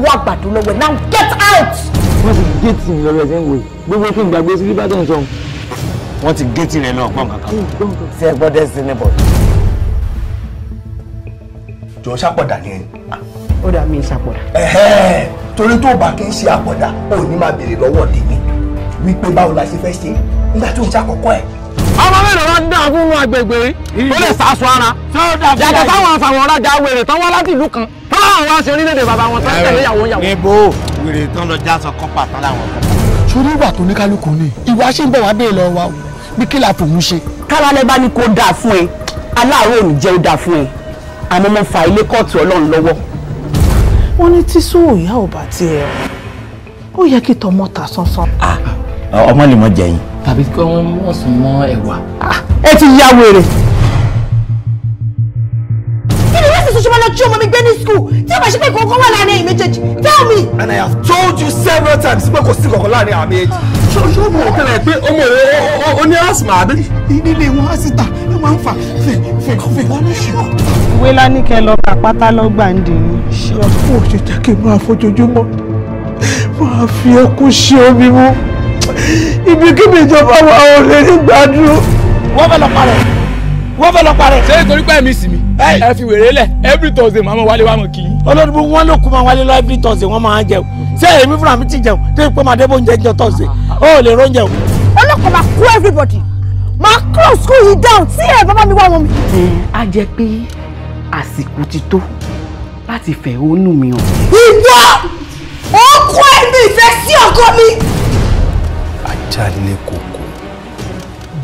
pé àgbàdo lọ́wọ́ now get out. wọ́n ti géètì mi lọ́wọ́ ẹ̀sẹ̀ ń wò gbogbo kí n gbàgbé sí bíbá tó ń sọ. wọ́n ti géètì rẹ̀ náà pọ̀ kankan. ṣé ẹ gbọ́dọ̀ sí ní bọ̀. jọ ṣàpọ̀dà ni ẹ. ó dà mí ṣàpọ̀dà. torí tó bá kí n ṣe àpọ̀dà ò ní máa béèrè lọ́wọ́ tèmi wípé báwo la ṣe fẹ́ ṣe nígbà tó ń ṣàkọ́kọ́ ẹ̀ ọmọ mélòó ló ń dá fún agbègbè ó lè sàṣọ ara yàtọ̀ táwọn afàwọ̀rajà wèrè tán wá láti ìlú kan báwọn wá sí orílẹ̀-èdè bàbá wọn tán tẹ̀lé ìyàwó ìyàwó. níbo wèrè tán lọ já sọ kọ́pà tán láwọn kan. sórí ìwà tó ní kálukú ni ìwà ṣe ń bọ̀ wá bẹ́ẹ̀ lọ wa o bí kí làá fòun ṣe. kálálẹ́ bá ní kó dáa fún ẹ aláàárọ̀ ò ní jẹ́ ó dáa fún ẹ àmọ́ mo fa ilé kóòtù ọlọ́run lọ́wọ́. wọ́n ní tíṣú òyà ò bá tiẹ̀ ó yẹ kí tọmọ ta sánsán. ọmọ lè mọ jẹyìn. tàbí kí wọ́n mọ̀ sún mọ́ ẹ̀wà. ẹ ti ya wèrè. lọ tí ọmọ mi gbé ní school tí ọmọ ṣe pé kọ̀ọ̀kan wà láàrin ẹ̀yìn méjèèjì tell me. and I have told you several times pé kò sí kọ̀ọ̀kan láàrin àmì ẹ̀jì. Ah. ṣoṣo mo kàn ẹ pé ọmọ rẹ ó ní asthma àbí. ni wọn á sì ta ẹ máa ń fà fẹ fẹ fẹ wọn ní ṣùgbọ́n. ìwé lánìkẹ́ lọ bá pátá lọ́gbà ń dì ní. ṣé ọkọ òṣèjà kì í máa fojoojúmọ́ máa fi ẹkún ṣe omi mú ibikíbi ìjọba wa ò lè ní gbádùn. wọ́n fẹ́ lọ parẹ́ wọ́n fẹ́ lọ parẹ́. ṣé nítorí pé mi sì ẹ fi wèrè lẹ every Thursday màmá wálé wàmọ kì í. olórí bú wọn ló kú máa wálé lọ every Thursday wọn máa jẹun ṣé èmi fúnra mi ti jẹun tó ipò máa débò oúnjẹ jọ Thursday ó lè róúnjẹ o. ọlọ́kọ̀ máa kú everybody máa close school yìí down tí ẹ bàbá mi wá wọn. ẹ á jẹ pé àsìkò ti tó láti fẹ̀hónú mi hàn. ìwọ ó kó ẹ̀mí ìfẹ́ sí ọkọ mi. ajá lé koko.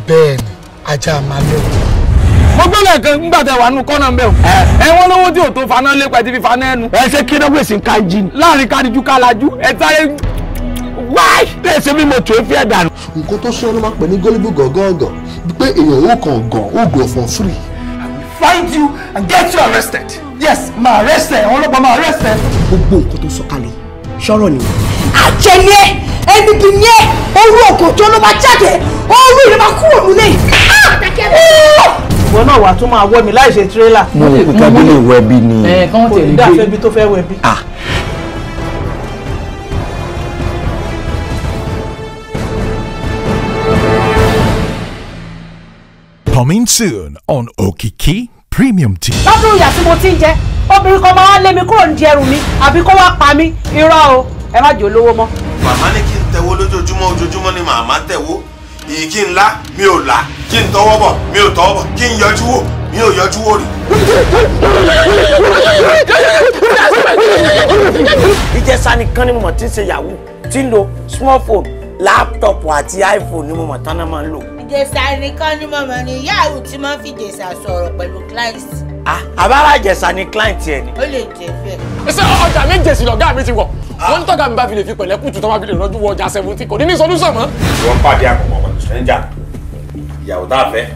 bẹ́ẹ̀ ni ajá máa lé koko mo gbọ́ lẹ́ẹ̀kan nígbà tẹ wà nù kọ́nà mbẹ́ o. ẹ wọ́n lówó tí o tó faná lépa ẹ ti fi faná ẹnu. ẹ ṣe kí lọ́gbèsì ń ka jí ni. láàrin kadiju kalaju ẹ táyé wáì. bẹ́ẹ̀ ṣe bí mo tún fi ẹ̀ dànù. nǹkan tó ṣe ọ́nà máa pè ní gólíbù gọ̀gọ́gọ̀ pé èèyàn ó kàn gàn ó gàn for free. find you and get you arrested. yes máa arrest ẹ àwọn ọlọ́pàá máa arrest ẹ. gbogbo nǹkan tó sọ kalẹ̀ sọ̀rọ̀ nìyẹn. àjẹyẹ ẹni bí yẹn orú òkòtó ló máa jáde orú ìrẹ́mà kúrò nílé. àtàkẹ́ ah, bẹ́ẹ̀ ìwọ náà wàá tún máa wọ́ mi láì ṣe tírélà. mo lè pè kábílì wẹbi ni. ẹ kàn tẹ̀lé gbé kò ní dáfẹ́ bí tó fẹ́ wẹbi. Ah. Coming soon on Okiki Premium TV. lọ́dún ìyà tí mo ti ń jẹ obìnrin kan máa wá lé mi kúrò ní ẹrù mi àbí kó wá pa mí irọ́ o ẹ má jẹ́ olówó mọ́. màmá ní kí n tẹ̀wó lójoojúmọ́ ojoojúmọ́ ni màmá tẹ̀wó èyí kí n lá mi ò lá kí n tọwọ́ bọ̀ mi ò tọwọ́ bọ̀ kí n yọjú wò mi ò yọjú wò rí. ìjẹsà nìkan ni mo mọ̀ tí ń ṣe yahoo tí ń lo smartphone láptọ̀pù àti iphone ni mo mọ̀ tán náà máa ń lò jèsà nìkan ni mo mọ̀ ní yahoo tí mo fi jèsà sọ̀rọ̀ pẹ̀lú client. àbára ah, jèsà ni client ẹ ni. ó lè jẹ bẹ́ẹ̀. ṣé ọjà mi jèsì lọ̀gá mi ti wọ̀ ah. wọ́n tọ́ka mi bá fi lè fi pẹ̀lẹ́kùtù tó bá fi lè rọ́jú wọ ọjà seventy kò ní ní sọdúnṣàn mọ́. wọ́n pàdé àkọ́kọ́ pẹ̀lú stranger ìyàwó tá a fẹ́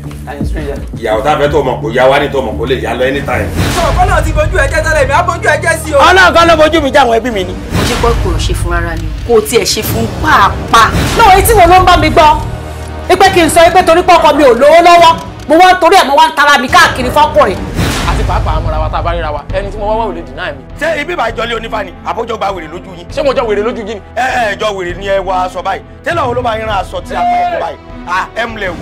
ìyàwó tá a fẹ́ tó mọ̀ kó yá wá ní tó mọ̀ kó lè yá lọ anytime. sọ̀rọ̀ ti bojú ẹ̀jẹ̀ tẹ́lẹ̀ mi á bojú ẹ̀jẹ̀ sí o. ọlọ́run kan mi jáwọn ẹbí mi ni. mo kò ṣe fún rárá ni kò tiẹ̀ ṣe fún pàápàá. náà etí wo ló ń bá mi gbọ́ pé kí n sọ pé torí pọ́kọ mi ò lówó lọ́wọ́ mo wá ń torí ẹ̀ mo wá ń tara mi káàkiri fọ́kùnrin. àti pàápàá àwọn arawa tá a bá ríra wa ẹni tí mo wá wá wèrè dì náà mi. ṣé ibi ìbá ìjọlé onífà ni àbójọ gba wèrè lójú yín. ṣé mo jọ wèrè lójú yín ẹ ẹ jọ wèrè ni ẹ wọ aṣọ báyìí tẹ́lẹ̀ òun ló aṣọ tí a pa báyìí à ẹ wù.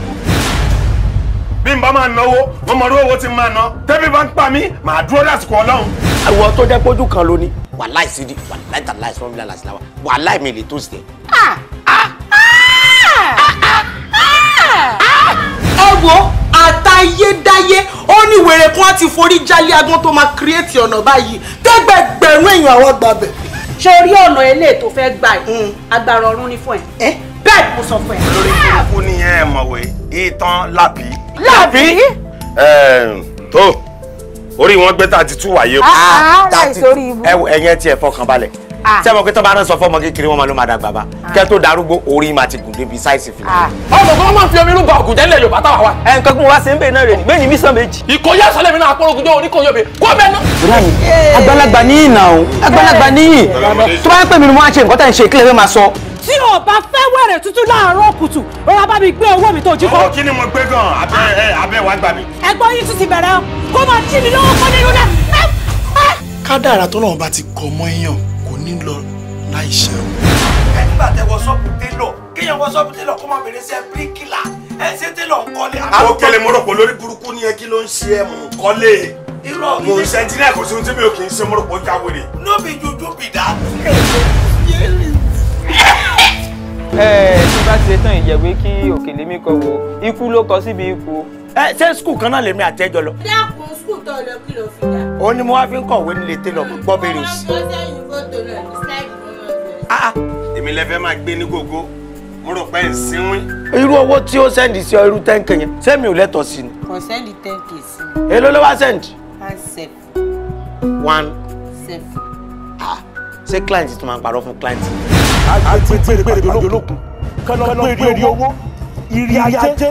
bí n bá máa náwó mo mọ̀ owó tí máa ná tẹ́bí bá ń pa mí màá dúró lásìkò ọlọ́run. àwọ̀ tó jẹ́ pójú kan ló ní wàláì sídi wàláì tàláì sọ́mílà làṣìláwà wàláì mi lè tó sí Ah! ẹ wo àtayédáyé ó ní wèrè kan ti forí jálé agbọ́n tó máa kírètì ọ̀nà báyìí tẹ́gbẹ̀gbẹ̀rún èèyàn àwọn gbàgbẹ́. ṣé orí ọ̀nà eléyìí tó fẹ́ gbà ẹ̀ hmm. agbára ọ̀run ní fún ẹ bẹ́ẹ̀ ni mo sọ fún ẹ. lórí burúkú nìyẹn ẹ mọ̀wé ìtàn lábì. lábì. tó orí wọn gbé tàbí tú wáyé o. Ah, ah, láìsí orí ibú. ẹ̀yẹn tiẹ̀ fọkàn Ah. ṣé mo kí tó bá rán sọ fọmọ kékeré wọn máa ló máa dàgbà bá ah. kẹ́ tó darúgbó orí máa ti gùn débi sáìsì fìlà. Ah. ọmọ kan máa ń fi omi rúbọ ògùn jẹ́lẹ̀ yorùbá táwa wa. ẹ nǹkan kún wa ṣe ń bè náà rè ní bẹ́ẹ̀ ni mí sàn méjì. ìkọyà sọlẹ̀ mi náà àpọ̀lọ́gùn jọ oníkọyọ̀ mi kó bẹ́ẹ̀ náà. àgbàlagbà ní ìnà o àgbàlagbà ní yìí tó bá ń pè mí ni mo máa ṣe nǹkan tá à ń ṣe ìkílẹ̀ fẹ́ máa sọ. tí o fẹ́ wẹ̀rẹ̀ tútù láàárọ̀ kùtù rọra bá mi gbé owó mi tó jí kọ́. owó kí ni mo gbé gan abẹ́ abẹ́ wàá gbà mí. ẹ̀gbọ́n yìí tún ti bẹ̀rẹ̀ kó máa jí mi lọ́wọ́ kọ́ nínú náà. kádàrà tó lọ́wọ́ bá ti kọ́ mọ́ èèyàn nílọ láì ṣẹun. ẹ nígbà tẹ wọ sọ́ọ̀bù télọ̀ kéèyàn wọ sọ́ọ̀bù télọ̀ kó máa bèrè sí ẹ bíríkìlà ẹ ṣe télọ̀ ńkọ́lé. àwọn kẹlẹ mo rò burúkú ni ẹ kí ló ń ṣe ẹ mò ń kọ́lé. mi mo ṣe jìnnà sí ohun tí mi ò kì í ṣe mo rò pé ó jáwé rè. no be juju be that. ẹ ẹ tí bá ti ṣe tán ìjẹ̀wé kí òkèlè mi kọ wo ikú ló kọ síbi ipò ẹ ṣé skul kan náà lèmi àtẹjọ lọ. dákun skul tó lọ kí ló fi dá. òun ni mo wá fi ń kọ̀wé nílé télọ̀ gbọ́ bèrè sí. Ah, ah. èmi lẹ fẹ́ máa gbé ní gògó mo rò pé ń sinwín. irú owó tí ó sẹ́ndì sí ọ irú tẹ́ǹkì yẹn sẹ́mi ò lẹ́tọ̀ọ́ sí ni. kò sẹ́ndì tẹ́ǹkì sí èló ló wá sẹ́ndì. one seven. one seven. Ah, ṣé client tó máa ń parọ́ fún client. àgbẹ̀ tí pèrè pèrè olókun kánú pèrè èrè owó ìrì ajé.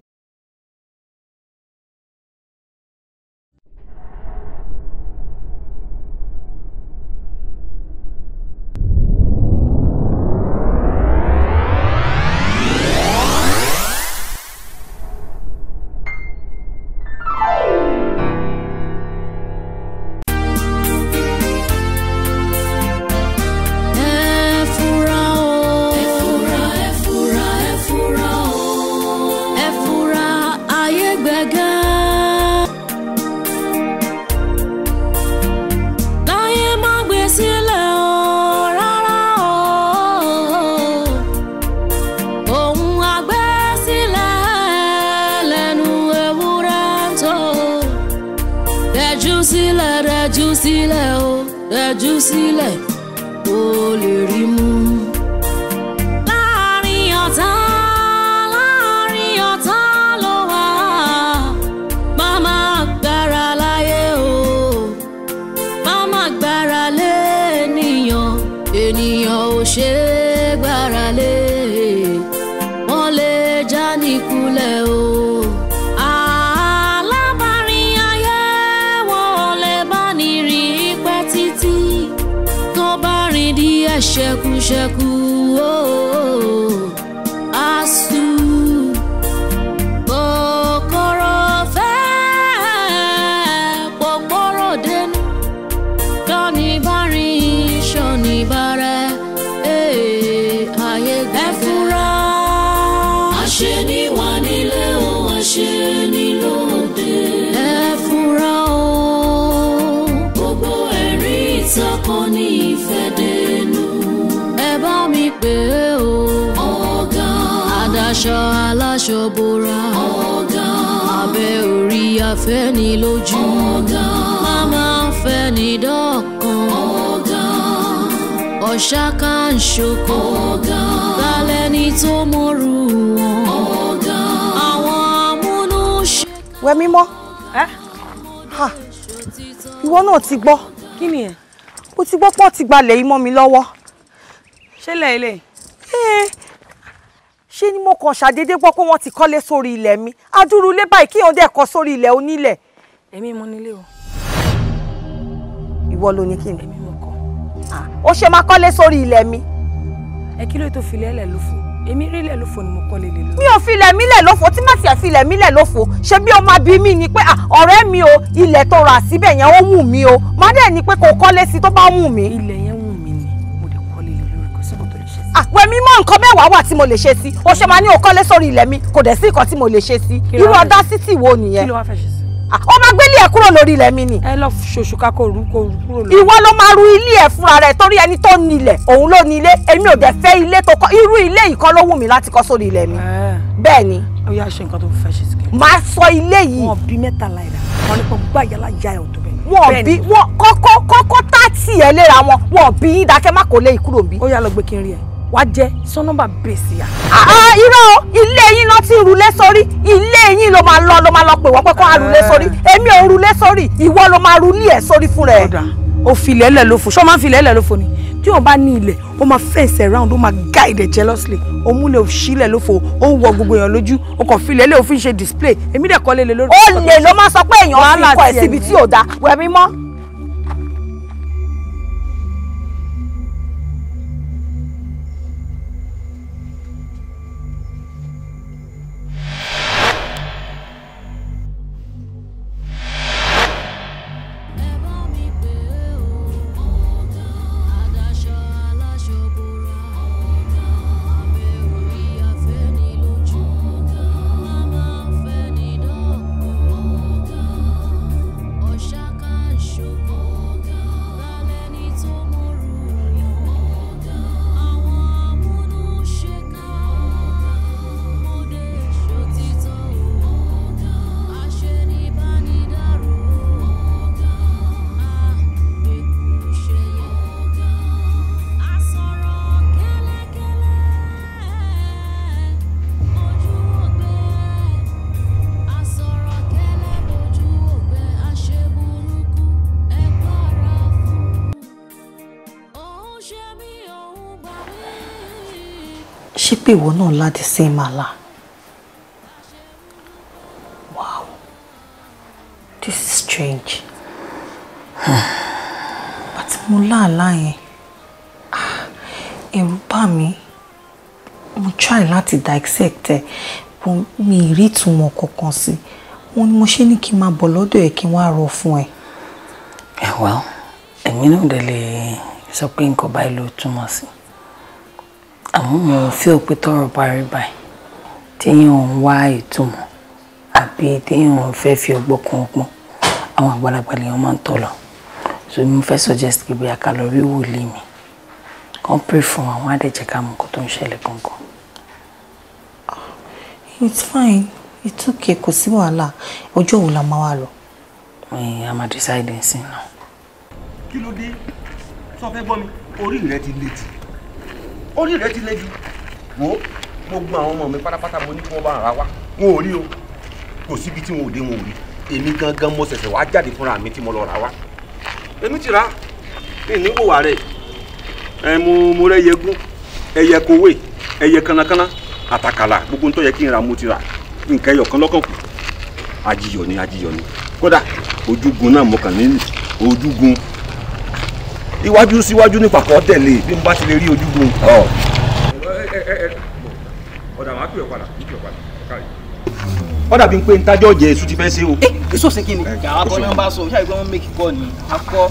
wẹ mímọ́. ìwọ náà ti gbọ́. kí ni ẹ. mo ti gbọ́ pọ́ ti gbalẹ̀ yìí mọ́ mi lọ́wọ́. ṣé ilẹ̀ ilé. Eh. ṣé ni mo kàn ṣàdédé gbọ́ pé wọ́n ti kọ́lé sórí ilẹ̀ mi adúrú ilé báyìí kí èèyàn dẹ̀ kọ́ sórí ilẹ̀ onílẹ̀. èmi mo nílé o. ìwọ ló ní kí ni. èmi mo kọ. Ah, ó ṣe máa kọ́lé sórí ilẹ̀ mi. ẹ kí ló tó filẹ̀ lẹ̀ ló fún èmi rí lófo ni mo kọ́ lélẹ̀ lọ. mi ò fi mi lẹ̀ lófo tí má tiẹ̀ fi ilẹ̀ mi lẹ̀ lófo ṣé bí ọmọ abí mi ni pé ọ̀rẹ́ mi o ilẹ̀ tó rà síbẹ̀ yẹn ó wù mí o má dẹ̀ ni pé kò kọ́lé sí tó bá wù mí. ilẹ̀ yẹn wù mí ni mo lè kọ́ lélẹ̀ lórí kò sí kò tó lè ṣe sí. àpẹ mi mọ nǹkan mẹ́wàá wà tí mo lè ṣe sí o ṣe máa ní o kọ́lé sórí ilẹ̀ mi kò dẹ̀ sí nǹkan tí mo lè ṣe sí irú ọdá sí tì nìyẹn. kí ló wá fẹ́ ṣe sí ó máa gbélé ẹ̀ kúrò lórí ilẹ̀ mi ni. ẹ lọ ṣoṣù ká kó rú kó rú kúrò lórí. ìwọ ló máa ru ilé ẹ̀ fúnra rẹ̀ torí ẹni tó nílẹ̀ òun ló nílé èmi ò dẹ̀ fẹ́ ilé tó kọ́ irú ilé yìí kọ́ ló wù mí láti kọ́ sórí ilẹ̀ mi. Eh. bẹ́ẹ̀ ni. ó yá ṣe nǹkan tó fẹ́ ṣe sí kẹ́kẹ́. máa sọ ilé yìí. wọn bí mẹ́ta láìra wọn ní kó gbá yàrá ya ẹ̀ ọ̀dọ́ wọn bí wọn kọ́kọ́ kọ́kọ́ tá tiẹ̀ léra wọn wọn bí yín dákẹ́ má kó lé ìkúrò bí. ó yá lọ gbé kí n rí ẹ wá jẹ́ sọ́nọ́bà bèsì à. Ah, ah, irọ́ ilé yín lọ ti rulé sórí ilé yín ló máa lọ ló máa lọ pè wọ́n pé kó a rulé sórí eh. èmi ò rulé sórí ìwọ ló máa rulé ẹ̀ sórí fún rẹ̀. o filẹ̀ lẹ̀ lófo ṣọ́ máa ń filẹ̀ lẹ̀ lófo ni tí o bá ní ilẹ̀ o máa fẹ̀sẹ̀ round o máa guide jealously o múlẹ̀ o sílẹ̀ lófo o ń wọ gbogbo èèyàn lójú o kàn filẹ̀ lé o fi ń ṣe display èmi dẹ̀ kọ́ lé lé lórí. ó lè ló máa sọ pé èèyàn fi kọ ẹ̀ síbi tí ò dáa wẹ̀mí mọ́ pé ìwọ náà lá the same àlá wow this is strange àti mo lá àlá yẹn ah, ẹ̀rù bà mí mo try láti dissect ẹ̀ mi ì rí ìtumọ̀ kankan sí wọn ni mo ṣe ní kí n máa bọ̀ lọ́dọ̀ ẹ̀ kí n wá rọ fún ẹ. ẹ eh, ẹ̀mí náà dẹ̀ lè sọ pé nǹkan báyìí ló túmọ̀ sí i àwọn fi òpin tọrọ parí báyìí téèyàn ń wá ìtumọ̀ àbí téèyàn fẹ́ fi ọgbọ́n kan ọgbọ́n àwọn àgbàlagbà lèèyàn máa ń tọ̀ lọ so mo fẹ́ suggest pé bóyá ká lọ rí wòlíì mi kàn pray fún àwọn àdẹ̀jẹ̀ ká mọ̀ nǹkan tó ń ṣẹlẹ̀ gangan. it's fine it's okay kò sí wàhálà ọjọ́ wo la máa wá lọ. a máa decide nsìn náà. kí ló dé sọ fẹ́ gbọ́ mi orí rẹ ti le jù. orí rẹ ti leju wo mo gbọ́ àwọn ọmọ mi pátápátá mo ní kí wọ́n bá wa wọn ò rí o kò síbi tí wọn ò dé wọn ò rí èmi gangan mo ṣẹ̀ṣẹ̀ wá jáde fúnra mi tí mo lọ rà wá èmi ti rà ní ìníwò wà rẹ ẹ mo mo rẹ yẹgún ẹyẹ kowé ẹyẹ kanakana atakala gbogbo ń tó yẹ kí n ra mo ti rà nǹkan ẹyọ kan lọ́kàn kù ajiyọ ni ajiyọ ni kódà ojúgun náà mo kàn ní ojúgun iwájú síwájú nípa kan tẹ̀lé bí mo bá ti lè rí ojúgun. ọ̀dà máa pè ọ́ padà pè ọ́ padà kárí. ọ̀dà bíi pé ntájọ́ jẹ èso ti fẹ́ ṣe o. ẹ eh, èso ṣe kí ni. àwọn akọ náà bá sọ ṣáà ìgbọ́n mẹ́kì kọ́ ni akọ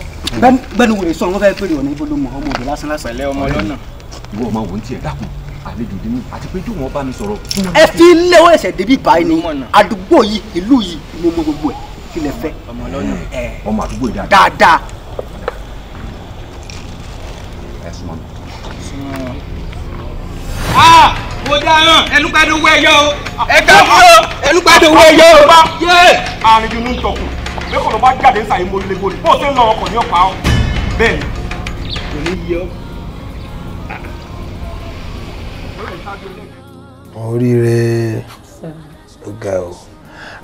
gbẹ́nu wèrè sọ̀rọ̀ wọ́n fẹ́ pèrè ọ̀nà ibodò mọ̀ ọmọ òdò lásán lásán. pẹ̀lẹ́ ọmọ lọ́nà. ìwọ ọmọ wò ń tiẹ̀ dákun àlejò dínú àti pé jọ̀wọ́ bá mi sọ̀rọ̀. ẹ fi lẹ́wọ́ ẹ̀sẹ̀ débi báyìí ni àdúgbò yìí ìlú yìí ni mo gbogbo ẹ̀ kí lẹ fẹ́. ọmọ àdúgbò yìí dáadáa. dáadáa ẹ̀sùnmọ́ mi. mo dáràn ẹlúgbàdo owó ẹyọ o. ẹ káàbọ̀ ẹlúgbàdo owó ẹyọ o. àrùn yìí ló ń tọkùn lẹ́kọ̀ọ́ ló bá jáde ṣàyè mo lè gbòdì bó o ṣe ń lọ ọkọ̀ ní ọ̀pá ọ. bẹ́ẹ̀ni kò ní yẹ ọ. oríire ó ga o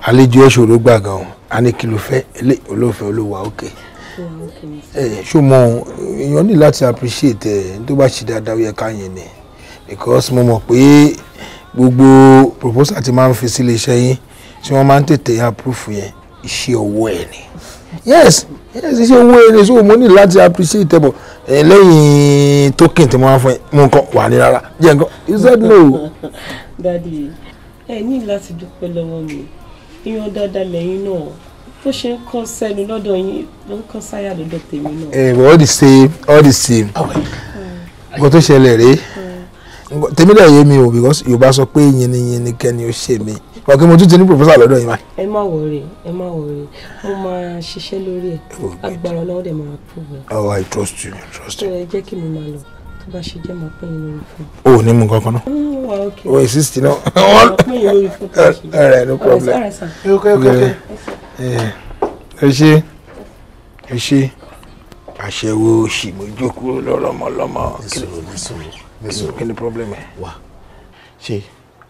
àlejò ẹ ṣòro gbà gan-an a ní kí ló fẹ́ olóòfẹ́ olówó wa Okay ṣùgbọ́n èèyàn ní láti appreciate ẹ̀ tó bá ṣe dáadáa ó yẹ ká yẹn ni because mo mọ̀ pé gbogbo proposal ti máa ń fi sílé iṣẹ́ yín tí wọ́n máa ń tètè approve yẹn iṣẹ́ ọwọ́ ẹ̀ ni yes yes iṣẹ́ owó ẹ̀ ni so mo ní láti appreciate ẹ̀ bọ̀ lẹ́yìn token tí mo máa ń fún ẹ mo nǹkan wà ní rárá jẹ́ nǹkan you said no. dadi ẹ ní láti dúpẹ́ lọ́wọ́ mi ìyọ̀n dáadáa lẹ́yìn náà bó ṣe ń kọ́ sẹ́nu lọ́dọ̀ yín ló ń kọ́ sáyà lọ́dọ̀ tèmi náà. ẹ eh, but all the same all the same ah, nǹkan tó ṣẹlẹ̀ rèé tèmi náà yé mi o because yorùbá sọ pé yinniyinni kẹ́ni ó ṣe mi ọ̀kí mo tún ti ní pòfẹ́sà lọ́dọ̀ yìí máa. ẹ má wọrí ẹ má wọrí mo máa ṣiṣẹ́ lórí ẹ̀ oh, agbára ọlọ́wọ́ dẹ̀ máa kú rẹ̀. oh i trust you trust you. ẹ jẹ́ kí mo máa lọ tó bá ṣe jẹ́ máa pín in lórí fún. o ò ní mu kankan náà. Mm, wà ok o ì sísì náà. máa all right no problem. all right sir. okay okay okay. okay. Eh, ẹ ṣe ẹ ṣe àṣẹwò òṣì mo jókòó lọ́rọ́mọlọ́mọ kí ni problem ẹ. wà ṣe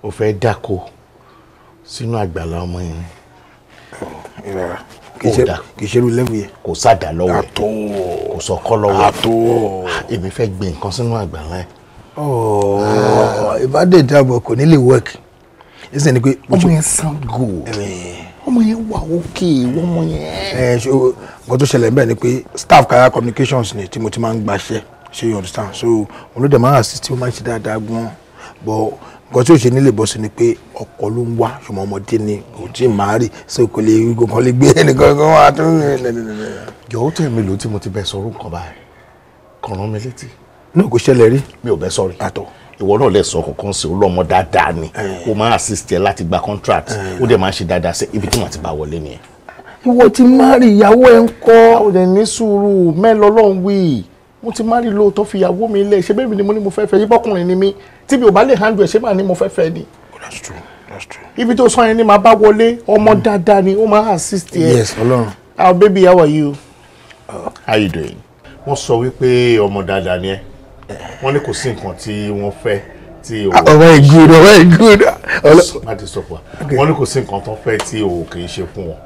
o fẹ́ dáko sínú àgbàlá ọmọ yẹn. Eh, ìrora kì í ṣerú lẹ́wù yẹn. kò sàdá lọ́wọ́ ẹ̀ kò sọkọ́ lọ́wọ́ ẹ̀ àtò ah, èmi fẹ́ gbin nǹkan sínú àgbàlá ẹ̀. Oh, ah. ìbádẹ́ ìdáàbò kò ní lè work. ẹ sẹ́ni pé ọmọ yẹn sound good ọmọ yẹn wà òkè ọmọ yẹn. ẹ ṣe nǹkan tó ṣẹlẹ̀ bẹ́ẹ̀ ni pé staff kaya communications ni tí mo ti máa ń gbaṣẹ́ ṣe you understand so olóde máa ń assist ó máa ń ṣe dáadáa gan-an but nǹkan tí ó ṣe nílé bọ́sùn ni pé ọkọ ló ń wá ṣùgbọ́n ọmọdé ni kò tí ì máa rí ṣé kò lè gbọ̀ngàn lè gbé ẹnìkan kan wá tó ń rìn. jọ̀wọ́ tó èmi lò tí mo ti bẹ̀ sọ̀rọ̀ nǹkan báyìí kàn rán mi létí. náà kò ṣẹlẹ̀ rí. mi ò bẹ́ sọ̀rọ̀. àtọ̀ ìwọ náà lè sọ kankan sí olómọ dáadáa ni o máa assist ẹ láti gba contract ó dẹ̀ máa ṣe dáadáa sí ibi tí wọ́n ti bá wọlé nìyẹn. ìwọ ti má rí ìyàwó ẹ ń kọ́. ó dẹ̀ ní sùúrù mẹ́lọ lọ́n wí mo ti má rí lóòótọ́ fi ìyàwó mi lẹ̀ ṣé bẹ́ẹ̀ mi ni mo ní mo fẹ́ fẹ́ yí bọ́kùnrin ni mi tí mi ò bá lè handle ẹ̀ ṣé máa ní mo fẹ́ fẹ́ ni. Oh, that's true that's true. ibi tó sọ yẹn ni màá bá wọlé ọmọ mm. dáadáa ni ó máa assist ẹ. yes ọlọ́run. our baby how are you. Uh, how you doing. wọ́n sọ wípé ọmọ dáadáa ni ẹ́ wọ́n ní kò sí nǹkan tí wọ́n fẹ́ tí o. ọmọ ìgúdọ ọmọ ìgúdọ. láti sọ fún wa wọ́n ní kò sí nǹkan tó fẹ́ tí o kì í ṣe fún wọn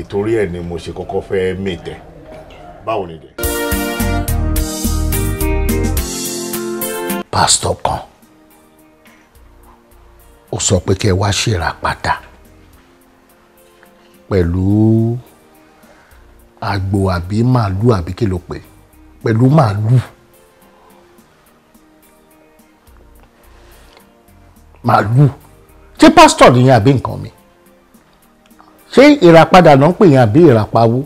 ìtorí ẹ̀ ni mo ṣe kọ́kọ́ fẹ́ mètẹ báwo ni dẹ. pásítọ̀ kan ó sọ pé kẹ́ ẹ wá ṣèràpàtà pẹ̀lú àgbò àbí màálù àbí kí ló pè pẹ̀lú màálù. màálù ṣé pásítọ̀ nìyẹn àbí nǹkan mi ṣé ìràpadà náà ń pè yẹn àbí ìràpawó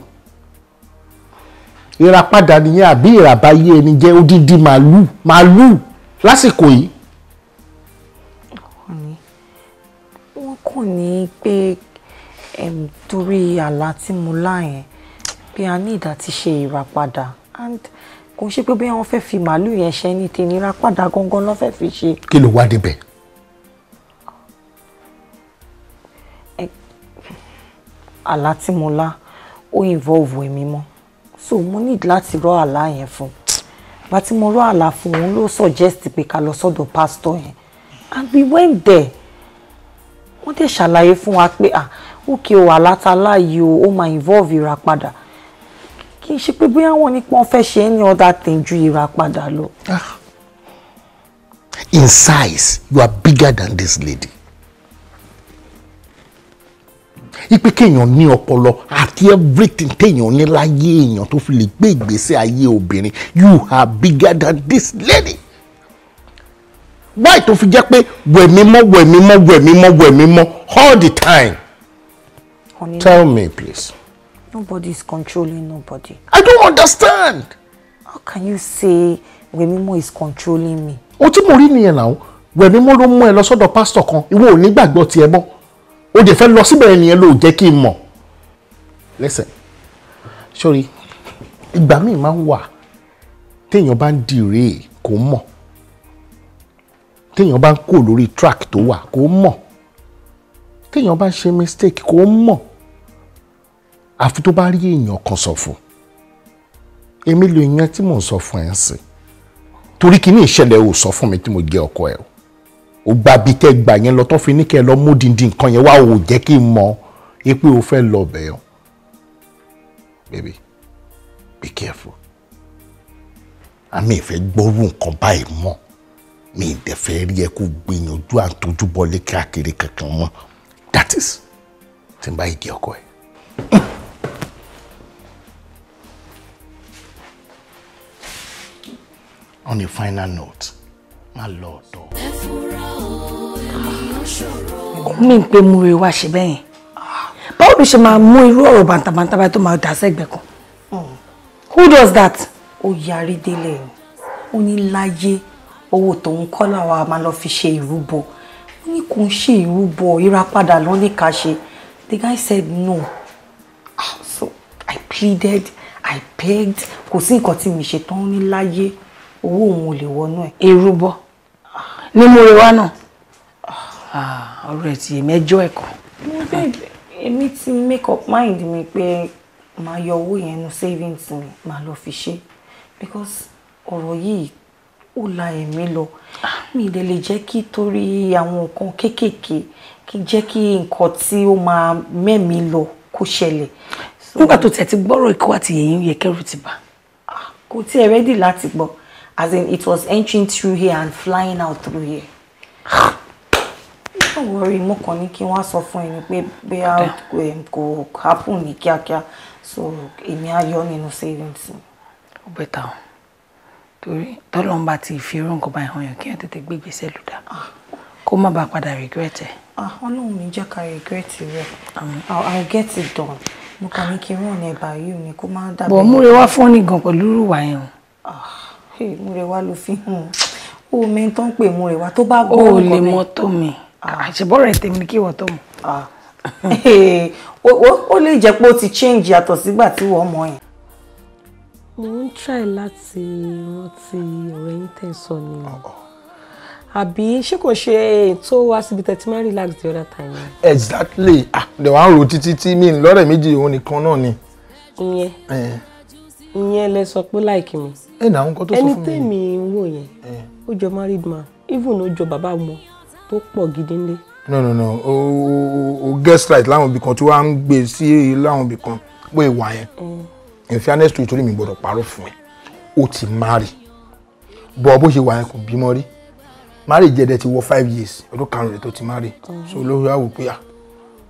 ìràpadà nìyẹn àbí ìràbáyé ẹni jẹ́ odidi màálù màálù lásìkò yìí. wọ́n kàn ní pé torí àlá tí mo lá pé a ní ìdá ti ṣe ìràpadà and kò ṣe pé bí wọ́n fẹ́ fi màálù yẹn ṣe ní tèmi ìràpadà gangan ló fẹ́ fi ṣe. kí ló wá débẹ̀. àlá tí mo lá ó involve èmi mọ́ so mo need láti rọ àlá yẹn fún bá tí mo rọ àlá fún òun ló suggest pé ká lọ sọ́dọ̀ pastor yẹn and we went there wọ́n dẹ̀ ṣàlàyé fún wa pé ah òkè o àlá tá a lá yìí o ó máa involve ìràpadà kì í ṣe pé bóyá wọn ní pé wọn fẹ́ ṣe any other thing ju ìràpadà lọ. Ah. in size you are bigger than this lady. ipe kéèyàn ní ọpọlọ àti everything téèyàn ní láyé èèyàn tó fi lè gbé ìgbésẹ̀ ayé obìnrin you are bigger than this lady why tó fi jẹ́ pé wẹ̀mímọ́ wẹ̀mímọ́ wẹ̀mímọ́ wẹ̀mímọ́ all the time Honey, tell me please. nobody is controlling nobody. I don't understand. how can you say wẹ̀mímọ́ is controlling me. ohun tí mo rí nìyẹn náà wẹ̀mímọ́ ló mú ẹ lọ sọ́dọ̀ pásítọ̀ kan ìwọ ò ní gbàgbọ́ tiẹ̀ mọ́ o jẹ fẹ́ lọ síbẹ̀ ẹnìyẹn ló jẹ́ kí n mọ̀ lẹ́sẹ̀ sórí ìgbà míì máa ń wà téèyàn bá ń di rèé kò mọ̀ téèyàn bá ń kó lórí track tó wà kò mọ̀ téèyàn bá ń ṣe mistake kò mọ̀ àfi tó bá rí èèyàn kan sọ fún èmi lo èèyàn tí mò ń sọ fún ẹ̀ ń sìn torí kí ni ìṣẹ̀lẹ̀ ò sọ fún mi tí mo jẹ́ ọkọ ẹ̀ o ó gba bí tẹ́ gbà yẹn lọ tó fi ní kẹ́ lọ mú dídì nǹkan yẹn wá ò jẹ́ kí n mọ̀ pé o fẹ́ lọ bẹ̀ ọ́ baby be careful àmì ìfẹ́ gbọ́rú nǹkan báyìí mọ́ mi ì dẹ̀ fẹ́ rí ẹ kó gbìyànjú àtọ́júbọlé káàkiri kankan mọ́ that is tí n bá ìdí ọkọ ẹ. On a final note má lọ ọ̀dọ̀. ẹ fura pé mú rè wá ṣe bẹ́yìn báwo ló ṣe máa mú irú ọ̀rọ̀ bàǹtàbàǹtà tó máa dà sẹ́gbẹ̀ẹ́ kan who does that. ó yarí délé ó ní láyé owó tòun kọ́ làwa máa lọ fi ṣe ìrúbọ ó ní kò ń ṣe ìrúbọ ìràpadà ló ní ká ṣe the guy said no ah, so i pleaded i begged kò sí nǹkan tí mi ṣe tán ó ní láyé owó òun ò lè wọnú ẹ. èrú bọ́ ní mo rẹ wá náà ah, ah, ọ̀rọ̀ ẹ̀ ti mẹ́jọ ẹ̀kọ́. èmi ti make up mind mi pé màá yọ owó yẹn nu savings mi màá lọ fi ṣe because ọ̀rọ̀ yìí ó la ẹ̀mí lọ mi ìdẹ̀ lè jẹ́ kí torí àwọn nǹkan kéékèèké kí jẹ́ kí nǹkan tí ó máa mẹ́mí lọ kó ṣẹlẹ̀. nígbà tó ti gbọ́rọ̀ ikú àti èyí yẹ kẹ́rù ti bà. Ah, kò tí ẹ rẹ́dì láti gbọ́. As in, it was entering through here and flying out through here. Don't worry, mo kàn ní kí wọ́n sọ fún ẹni pé bóyá kò happen ní kíákíá so èmi á yọ nínú savings. Ó bẹ̀tà o, torí tọ́lọ́ ń bá ti fi irú nǹkan báyìí hàn yàn kí wọ́n tètè gbé ìgbésẹ̀ lù dá. Ah. Kó má bàa padà regret ẹ̀. Ah, mi jẹ́ ká regret rẹ̀. I'll get it done. Mo kàn ní kí wọ́n ní ẹ̀bà yìí mi kó má dàbí. Bọ̀ múre wá fún ní gan pẹ̀lú ìrùwà yẹn o. Ah múrẹ̀wá ló fi hàn o mi tó ń pè múrẹ̀wá tó bá gbọ́ orúkọ mi. o lè mọ tó mi ah. àṣebọ́rọ̀ ẹ̀ tèmi ni kí wọ́n tó mu. Ah. o lè jẹ́ pé ó ti change yàtọ̀ sígbà tí wọ́n mọ̀ yẹn. mo ń try láti rántí ọ̀rẹ́ yín tẹ̀ sọ ni ah, àbí ṣé kò ṣe ètò wá síbi tẹ̀tí máa ń relax the other time. exactly ah the one ro títí tí mi lọ́rẹ̀ méjì òun nìkan náà ni. ìyẹn. Eh ìyẹn lẹ sọ pé láìkí mi ẹni tèmi ń wò yẹn ó jọ married man even ó jọ bàbá ọmọ tó pọ̀ gidi nílé. no no no o o guest right láwọn ibì kan tí wàá ń gbé sí láwọn ibì kan pé ìwà yẹn in fairness to ìtòrí mi gbọ́dọ̀ parọ́ fún ẹ ó ti marry bọ́ bó ṣe wà yẹn kò bímọ rí marry jẹ́dẹ̀ ti wọ five years ọdún karùn-ún rẹ̀ tó ti marry so olórí àwò pé ah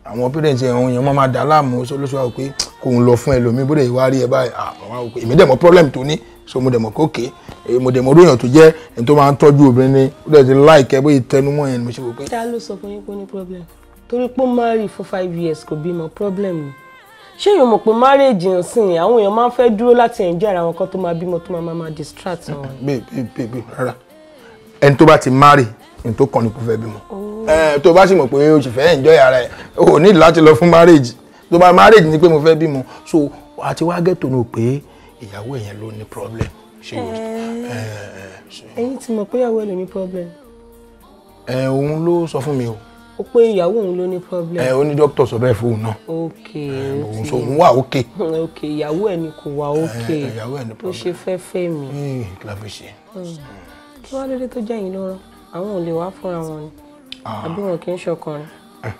àwọn parents ẹ̀ ọ̀hún yẹn wọ́n máa dà láàmú sọlọ́sọ àwọn pé kò ń lọ fún ẹlòmíì bóde ìwà rí ẹ báyìí ah, àwọn àwọn èmi dẹ̀ mọ̀ problem tó ní so mo dẹ̀ mọ̀ kókè eh, mo dẹ̀ mọ̀ ròyìn tó jẹ́ ẹni tó máa ń tọ́jú obìnrin ni ó dẹ̀ ti láìkẹ́ bóyá tẹnumọ́ yẹn ni mo ṣe wò pé. ta ló sọ fún yín pé ó ní problem torí pé ó four five years kò bímọ problem ni ṣé èèyàn mọ̀ pé márèèjì ń sìn yẹn àwọn èèyàn máa ń fẹ́ dúró láti enjoy ara wọn kan tó máa bímọ tó máa máa distract wọn. bẹ́ẹ̀ bẹ́ẹ̀ bẹ́ẹ̀ rárá ẹni tó bá ti marry nítorí kan ní kò fẹ́ bímọ. Oh. tó bá sì mọ̀ pé o sì fẹ́ enjoy ara ẹ̀ o ní láti lọ fún marriage tó bá marriage ni pé mo fẹ́ bímọ so àti wá gẹ́tò ní pé ìyàwó yẹn ló ní problem. Eh, eh, eh, ẹ̀yin ti mọ̀ pé ìyàwó ẹ̀ ló ní problem. òun ló sọ fún mi o ó pé ìyàwó òun ló ní problem. ẹ ó ní dókítà sọ bẹ́ẹ̀ fóun náà. ok òun sọ òun wà ok. ok ìyàwó ẹ ni kò wà ok ìyàwó ẹ ni problem. ó ṣe fẹ́ fẹ́ mi. kí hmm. wàá lóde tó jẹ́ yín lọ́rọ̀ àwọn ò lè wá fúnra wọn ni ah. àbí wọn kì í ṣọkùnrin. Eh,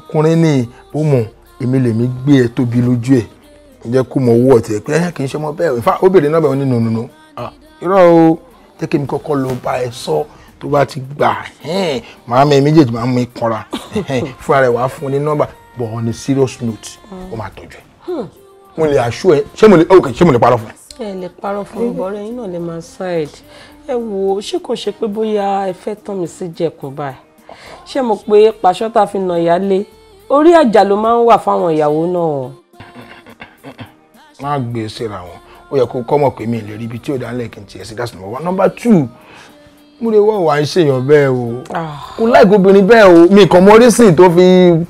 ọkùnrin ni ó mọ èmi lèmi gbé ẹ tóbi lójú ẹ jẹ kó mọ owó ọtí ẹ pé ẹ eh, kì í ṣe ọmọ bẹ́ẹ̀ ìfá ó béèrè náà bẹ́ẹ̀ wọn ní nùnùnù ah, irọ́ o jẹ́ kí mi kọ́kọ́ lọ bá ẹ sọ tó bá ti gbà màá mẹ méjèèjì máa mú mi kanra fúnra rẹ wàá fún un ní nọ́mbà bọ̀ ọ́ ní serious note ó máa tọ́jú ẹ hmm. mo lè aṣọ ẹ ṣé mo lè parọ́ fún ẹ. ẹ lè parọ́ fún mi bọ́ọ̀rẹ́ yín náà lè máa ṣáìdì ẹ wo. ó ṣé kò ṣe pé bóyá ẹ fẹ́ tán mi sí jẹ̀kùn báyìí ṣé mo pé pàṣọ tá a fi nà ìyá lé orí àjà ló máa ń wà fáwọn ìyàwó náà. má gbé e síra wọn ó yẹ kó kọ́ mọ̀ pé mi ì lè rí ibi tí ò dánilẹ̀ kí n tiẹ̀ sí that's number one number two múre wọ́n wá ń ṣèyàn bẹ́ẹ̀ o kò ah. láìkó obìnrin bẹ́ẹ̀ o mi kàn mọ́ orí sìn tó fi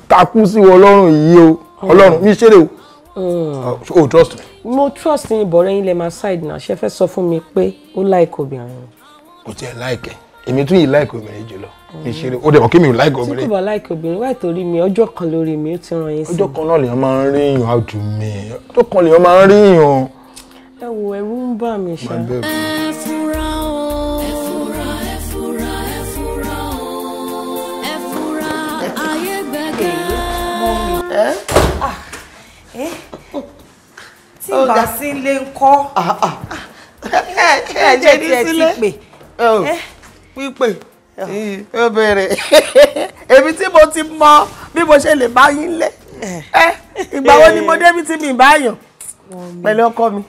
takú sí wọn ọlọ́run yìí o hmm. ọlọ́run mi ṣeré o. Mm. Oh, trust me. mo trust yín bọ̀rẹ̀ yín lè side náà ṣe fẹ́ sọ fún mi pé ó like obìnrin. kò tiẹ̀ like èmi tún yìí like obìnrin jùlọ mi ṣeré ó dẹ̀ mọ̀ kí mi ò like obìnrin. tí kò bá like obìnrin wáyé torí mi ọjọ́ kan lórí mi ó ti ràn yín sí. ọjọ́ kan náà lèèyàn máa ń rí èèyàn àjù mi ọjọ́ kan lèèyàn máa ń rí èèyàn. ẹ wo ẹ̀rù ń bà mí ṣá. Eh? Ah. Eh? Oh. tí ìbá oh, sí ilé ń kọ́ ah, ah. ah, eh, eh, ẹ jẹ́ ní sílẹ̀ oh, pípé ó bẹ̀rẹ̀ èmi tí mo ti mọ bí mo ṣe lè bá yín lé ìgbà wo ni mo débi tí mi bá yàn pẹ̀lú ọkọ mi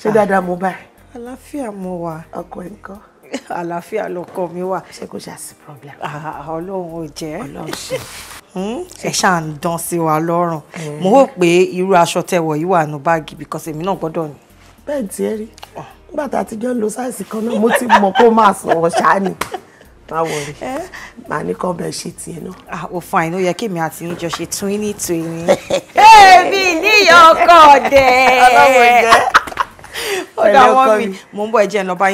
ṣé dáadáa mo bá ẹ. àlàáfíà mo wà. ọkọ nǹkan àlàáfíà lọkọ mi wà. ṣé kò ṣe àsì ọlọ́run ò jẹ́. ọlọ́run ṣe. Hmm? ẹ ṣáà ń dán sí wa lọ́rùn eh. mo hò pé irú aṣọ tẹwọ̀ yìí wà nù báàgì because èmi náà gbọ́dọ̀ ni. bẹ́ẹ̀ tí ẹ rí ah. nígbà tá a ti jọ ń lo sáìsì kan náà mo ti mọ̀ kó máa sọ̀rọ̀ ṣáà ni má wọrí eh? màá ní kọ́ bẹ́ẹ̀ ṣe tiẹ̀ náà. ah o fa àìní ó yẹ kémi àti yín jọ ṣe twinny twinny. Eh, èmi níyàn ọkọ dẹ. ọlọ́wọ́ jẹ́ ó dá mi mo ń bọ̀ ẹ jẹ́ ẹ lọ bá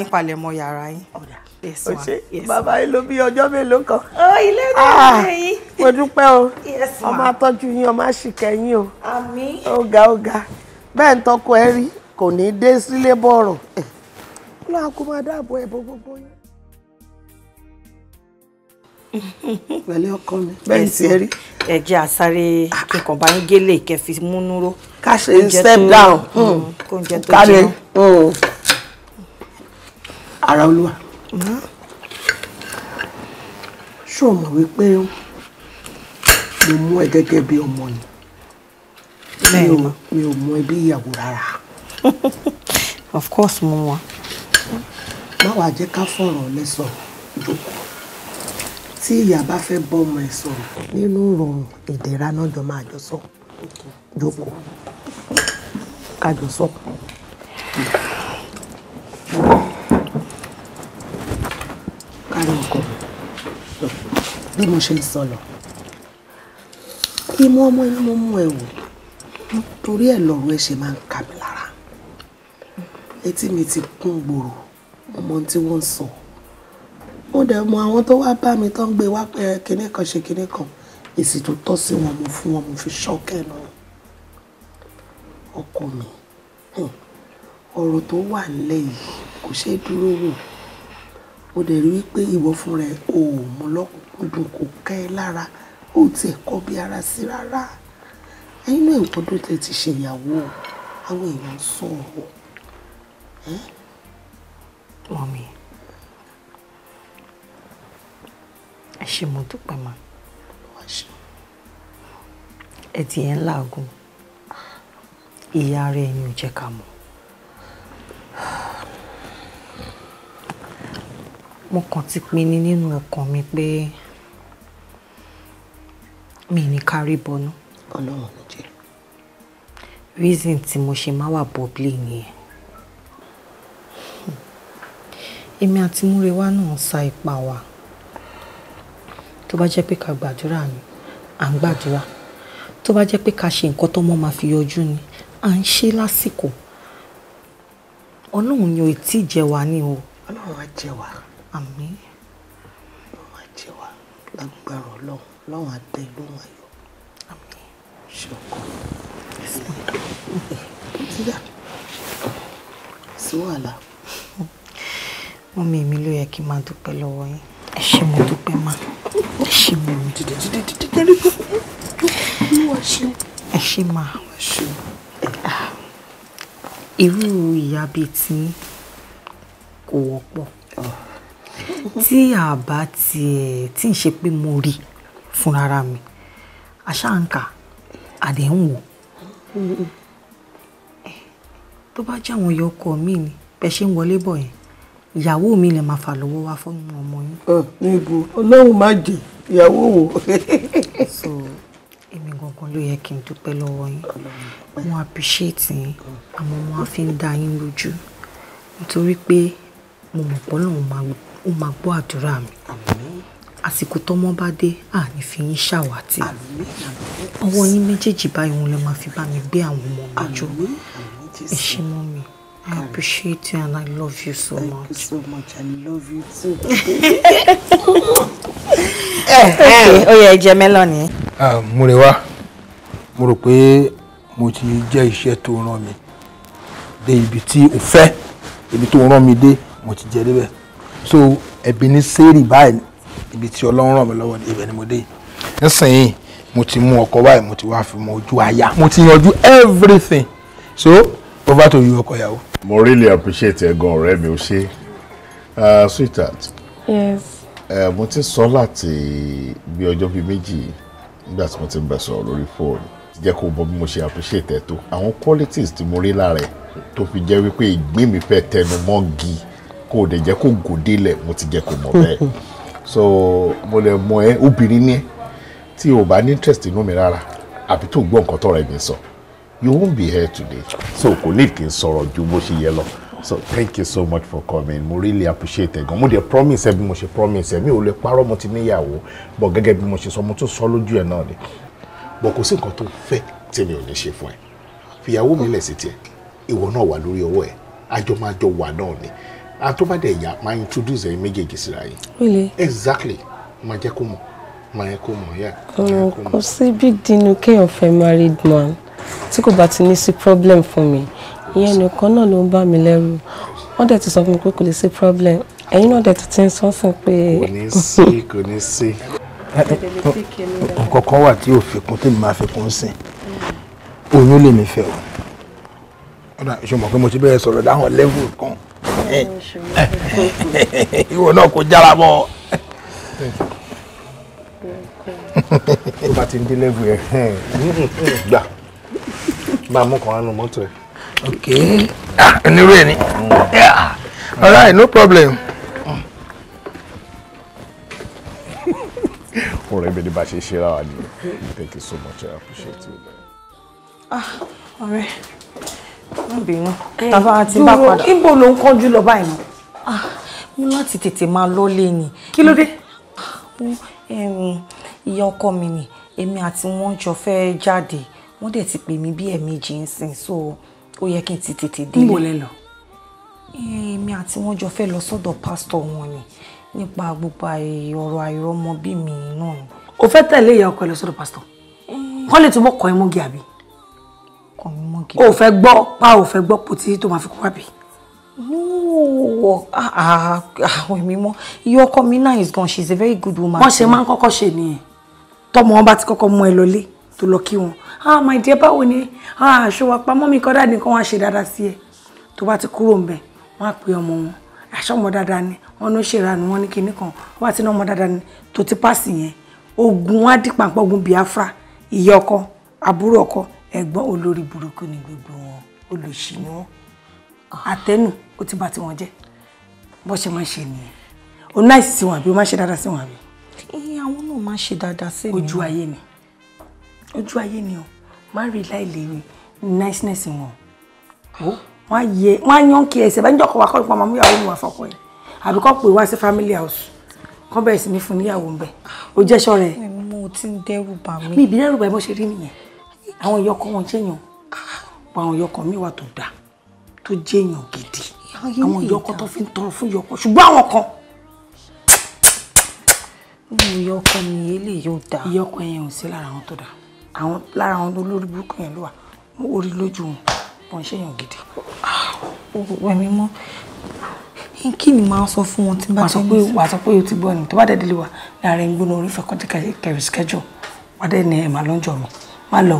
yàrá yín. ọ̀dà yes ma yes ma bàbá yìí ló bí ọjọ́ mélòó kan. ó oh, ilé náà lè yín. mo dúpẹ́ o yes ma ọmọ atọ́jú yín ọmọ àṣìkẹ́ yín o. àmín. ọ̀gá ọ̀gá bẹ́ẹ̀ ń tọ́kọ ẹ rí kò ní dé sílé bọ̀rọ̀ ẹ̀ lọ́wọ́ kó máa dáàbò ẹ̀ bó gbogbo yín. pẹ̀lẹ́ ọkọ mi bẹ́ẹ̀ sí ẹ rí. ẹ jẹ́ àsáré kíkan bá ń gélé kẹfì múnúró. ká ṣe step down hmm, ká lè hmm. ara olúwa ṣó mọ̀ wípé mo mú ẹ gẹ́gẹ́ bí ọmọ ni mi ò mú ẹ bí ìyàwó rárá. of course mo wà. má wàá jẹ́ ká fọ̀rọ̀ lẹ́sọ̀ jókòó tí ìyá bá fẹ́ bọ́ ọmọ ẹ sọ̀rọ̀ nínú ìrọ̀rùn ìdẹ̀ra náà jọ máa jọ sọ jókòó ká jọ sọ. parí nǹkan bí mo ṣe ń sọ lọ ìmọ̀ ọmọ inú mo mú ẹ wò torí ẹ̀ lọ́rọ̀ ẹ ṣe máa ń kà mí lára etí mi ti kún gbòòrò ọmọ tí wọ́n ń sọ mo dẹ̀ mọ àwọn tó wá bá mi tó ń gbé wá pé kinní kan ṣe kinní kan èsì tó tọ́ sí wọn mo fún wọn mo fi ṣọ́kẹ́ náà ọkọ mi ọ̀rọ̀ tó wà nílẹ̀ yìí kò ṣeé dúró wò o dẹ̀ rí wípé ìwọ fúnra ẹ̀ ò mú lọ́kùnkúndùn kò ká ẹ lára ó tiẹ̀ kọ́ bí ara sí rárá ẹ̀yin náà nǹkan tó tẹ̀ ti ṣèyàwó àwọn èèyàn sọ̀rọ̀ ẹ́. mọ̀mí ẹ ṣe mo dúpẹ́ mà ẹ ti ẹ̀ ń ìyá ara ẹ̀yin ò jẹ́ ká mọ̀ mo kàn ti pinni nínú ọkàn mi pé mi ní kárí bọnú. ọlọ́run ló jẹ́. reason tí mo ṣe máa wà bọ́bílì nìyẹn. èmi àti múrewa náà sa ipa wa tó bá jẹ́ pé ká gbàdúrà ni à ń gbàdúrà tó bá jẹ́ pé ká ṣe nǹkan tó mọ́ máa fi yọjú ni à ń ṣe lásìkò ọlọ́run ni ò tí ì jẹ wá ní o. ọlọ́run á jẹ wá àmín ló máa jẹ wá lágbára ọlọ́run ọlọ́run á dá ìlú wọn yọ àmín ṣe ọkọ tíyà sí wàhálà. mọ́mí mi ló yẹ kí n máa dúpẹ́ lọ́wọ́ yín ẹ ṣé mo dúpẹ́ má ẹ ṣé mo mi. dídé dídé dídé dídé olúwa ṣe. ẹ ṣé máa irú ìyá bíi tí kò wọ́pọ̀. Oh tí àbá tiẹ̀ tí ń ṣe pé mo rí fúnra mi àṣàǹkà àdéhùn wò tó bá jẹ́ àwọn ìyá ọkọ mi ni bẹ́ẹ̀ ṣe ń wọlé bọ̀ yẹn ìyàwó mi lè máa fà lọ́wọ́ wá fún ọmọ yín. níbo ọlọ́run má jẹ ìyàwó wò. so èmi gangan ló yẹ kí n dúpẹ́ lọ́wọ́ yín mo appreciate yín àmọ́ mo á fi ń dá yín lójú nítorí pé mo mọ̀ pọ́ lòun máa gbọ́ ó máa gbọ́ àdúrà mi. àsìkò tọ́mọ bá dé àní fi yín ṣàwátì. ọwọ́ yín méjèèjì báyìí òun lè máa fi bá mi gbé àwọn ọmọ mi jọ. ẹ ṣé mọ́ mi I appreciate you and I love you so much. Thank you so much. I love you too. Eh, eh, ó yẹ ẹ jẹ mélòó ni. mo rè wá mo rò pé mo ti jẹ́ iṣẹ́ tó rán mi dé ibi tí o fẹ́ ibi tó rán mi dé mo ti jẹ́ débẹ̀ so ẹ̀bí ní sẹ́ẹ̀rì báyìí ibi tí ọlọ́run ràn mí lọ́wọ́ ibẹ̀ ni mo dé nísìnyí mo ti mú ọkọ báyìí mo ti wá fi mọ ojú aya mo ti yanjú everything so over to you ọkọ ìyàwó. mo really appreciate ẹ gan ọ̀rẹ́ mi ò ṣe uh, sweetheart. yes. Uh, mo ti sọ láti bí ọjọ́ bíi méjì nígbà tí mo ti ń bẹ̀ sọ̀rọ̀ lórí fóònù jẹ́ kó bọ́ bí mo ṣe appreciate ẹ tó àwọn qualities tí mo rí lára ẹ tó fi jẹ́ wípé ìgbín mi fẹ́ tẹnu mọ́ gi kò dẹ̀ jẹ́ kó gòdè lẹ̀ mo ti jẹ́ kó mọ̀ bẹ́ẹ̀ so mo lè mọ ẹ obìnrin ni ẹ tí o bá ní interest inú mi rárá àbí tó gbọ́ nǹkan tọ́ra ẹ̀mí sọ you won't be here today so kò ní kí n sọ̀rọ̀ ju bó ṣe yẹ lọ so thank you so much for coming mo really appreciate ẹ gan mo dey promise ẹ bí mo ṣe promise ẹ mi ò lè parọ́ mo ti níyàwó but gẹ́gẹ́ bí mo ṣe sọ mo tún sọ lójú ẹ náà ni but kò sí nǹkan tó fẹ́ tí mi ò ní ṣe fún ẹ fìyàwó mi lẹ̀ sí tiẹ̀ ìwọ náà wà lórí ọwọ́ ẹ àjọ wà náà ni àtúbàdẹ̀ ìyá máa introduce ẹ̀yin méjèèjì síra yìí. really exactly máa jẹ́ kó mọ̀ máa yẹ kó mọ̀ yá. ọ̀rọ̀ oh, kò sí bí dinu kéèyàn fẹ́ married man tí kò bá ti ní sí problem fún mi ìyẹn nìkan náà ló ń bà mí lẹ́rù wọ́n dẹ̀ ti sọ fún mi pé kò lè sí problem ẹ̀yin náà dẹ̀ ti ti ń sọ fún pé. kò ní sí kò ní sí. Eh, eh, eh, nǹkan kan wà tí ò fi kún tèmi máa fi kún sí oyún lèmi fẹ́ o. ọ̀dà ìṣòwò pé mo ti bẹ̀rẹ̀ sọ̀rọ̀ dáhùn level kan. Eh. ìwọ náà kò jára mọ́. tó bá ti ń dé lẹ́bù ẹ̀ gbà máa mú kan á nu mọ́tò ẹ̀. ok onírú ah, ẹ̀ ni all right no problem. ọ̀rẹ́ mi ni bá ṣe ṣe ra wa ni thank you so much i appreciate you. ah ọ̀rẹ́ ń bínú tàbá ti bá padà. ibo ló ń kánjú lọ báyìí nù. Ah, mo láti tètè máa lọ́lé ni. kí ló dé. ìyá ọkọ mi ni èmi àti wọn jọ fẹ́ jáde wọ́n dẹ̀ ti pè mí bí ẹ̀ẹ̀mejì ń sìn so ó yẹ kí n ti tètè délé. níbo lẹ lọ. èmi àti wọn jọ fẹ́ lọ sọ́dọ̀ pásítọ̀ wọn ni nípa gbogbo ọ̀rọ̀ àìrọ́mọbí mi náà. o fẹ́ tẹ̀lé ìyá ọkọ ẹ lọ sọ́dọ̀ pásítọ̀ kọ́ lè túbọ̀ kọ́ ẹ mọ́gi àbí ọkàn mi mọ́ gidi. o fẹ́ gbọ́ pa o fẹ́ gbọ́ pò tí tó máa fi kú wábì. no ah, ah, ah, àwọn èmi mọ iye ọkọ mi náà is gone she is a very good woman. wọ́n ṣe máa ń kọ́kọ́ ṣe nìyẹn tọmọ wọn bá ti kọ́kọ́ mú ẹ lọlé tó lọ kí wọn ah my dear báwo ni ah aṣọ wa pamọ́ mi kọ́ dáadé nǹkan wá ṣe dáadáa sí ẹ tó bá ti kúrò ńbẹ wọn á pe ọmọ wọn aṣọ ọmọ dáadáa ni wọn ló ṣèrànú wọn ní kinní kan wọn bá ti ọmọ dáadáa ni tó ti pàṣẹ yẹn ogun adìpàpọ̀ ogun Biafra ìyá ọkọ àbúrò ọkọ ẹ̀gbọ́n olórí burúkú ni gbogbo wọn olùṣì ni wọn àtẹnu ó ti bà tí wọn jẹ́ bó ṣe máa ń ṣe nìyẹn ó náà sì sí wọn àbí ó máa ń ṣe dáadáa sí wọn àbí. iye àwọn náà máa ń ṣe dáadáa sí mi. ojú ayé ni ojú ayé ni o máa ń rí láìlérí niceness wọn o wọn á yẹ wọn á yàn kí ẹsẹ bá ń jọkọ wá kọ́ ìpamọ́ mú ìyàwó mi wà fọkọ yìí àbí kọ́ pé wá sí family house kọ́ bẹ̀rẹ̀ sí ní fún níyàwó ń bẹ̀ o jẹ́ sọ́rẹ́. mo ti ń dẹ́rù bà mi ìbí dẹ́rù bà mí ṣe rí nìyẹn àwọn ìyọkọ wọn jẹyàn pa àwọn ìyọkọ mi wà tó dáa tó jẹyàn gidi àwọn ìyọkọ tó fi ń tọrọ fún ìyọkọ ṣùgbọ́n àwọn kan. ìyọkọ mi eléyìí yóò dáa. ìyọkọ yẹn ò sí lára àwọn tó dáa àwọn lára àwọn olórí burúkú yẹn ló wà mo orí lójú wọn wọn ṣèyàn gidi. wẹ̀mí mọ́ kí ni màá sọ fún wọn tí bá ti ní. wàá sọ pé o ti gbọ́ ni tó bá dẹ̀ délé wa láàrin gbóná orí fẹ́ kọ́ńtì kẹrì schedule wàá dẹ̀ ní ẹ̀ máa lọ́njọ́ mi má lọ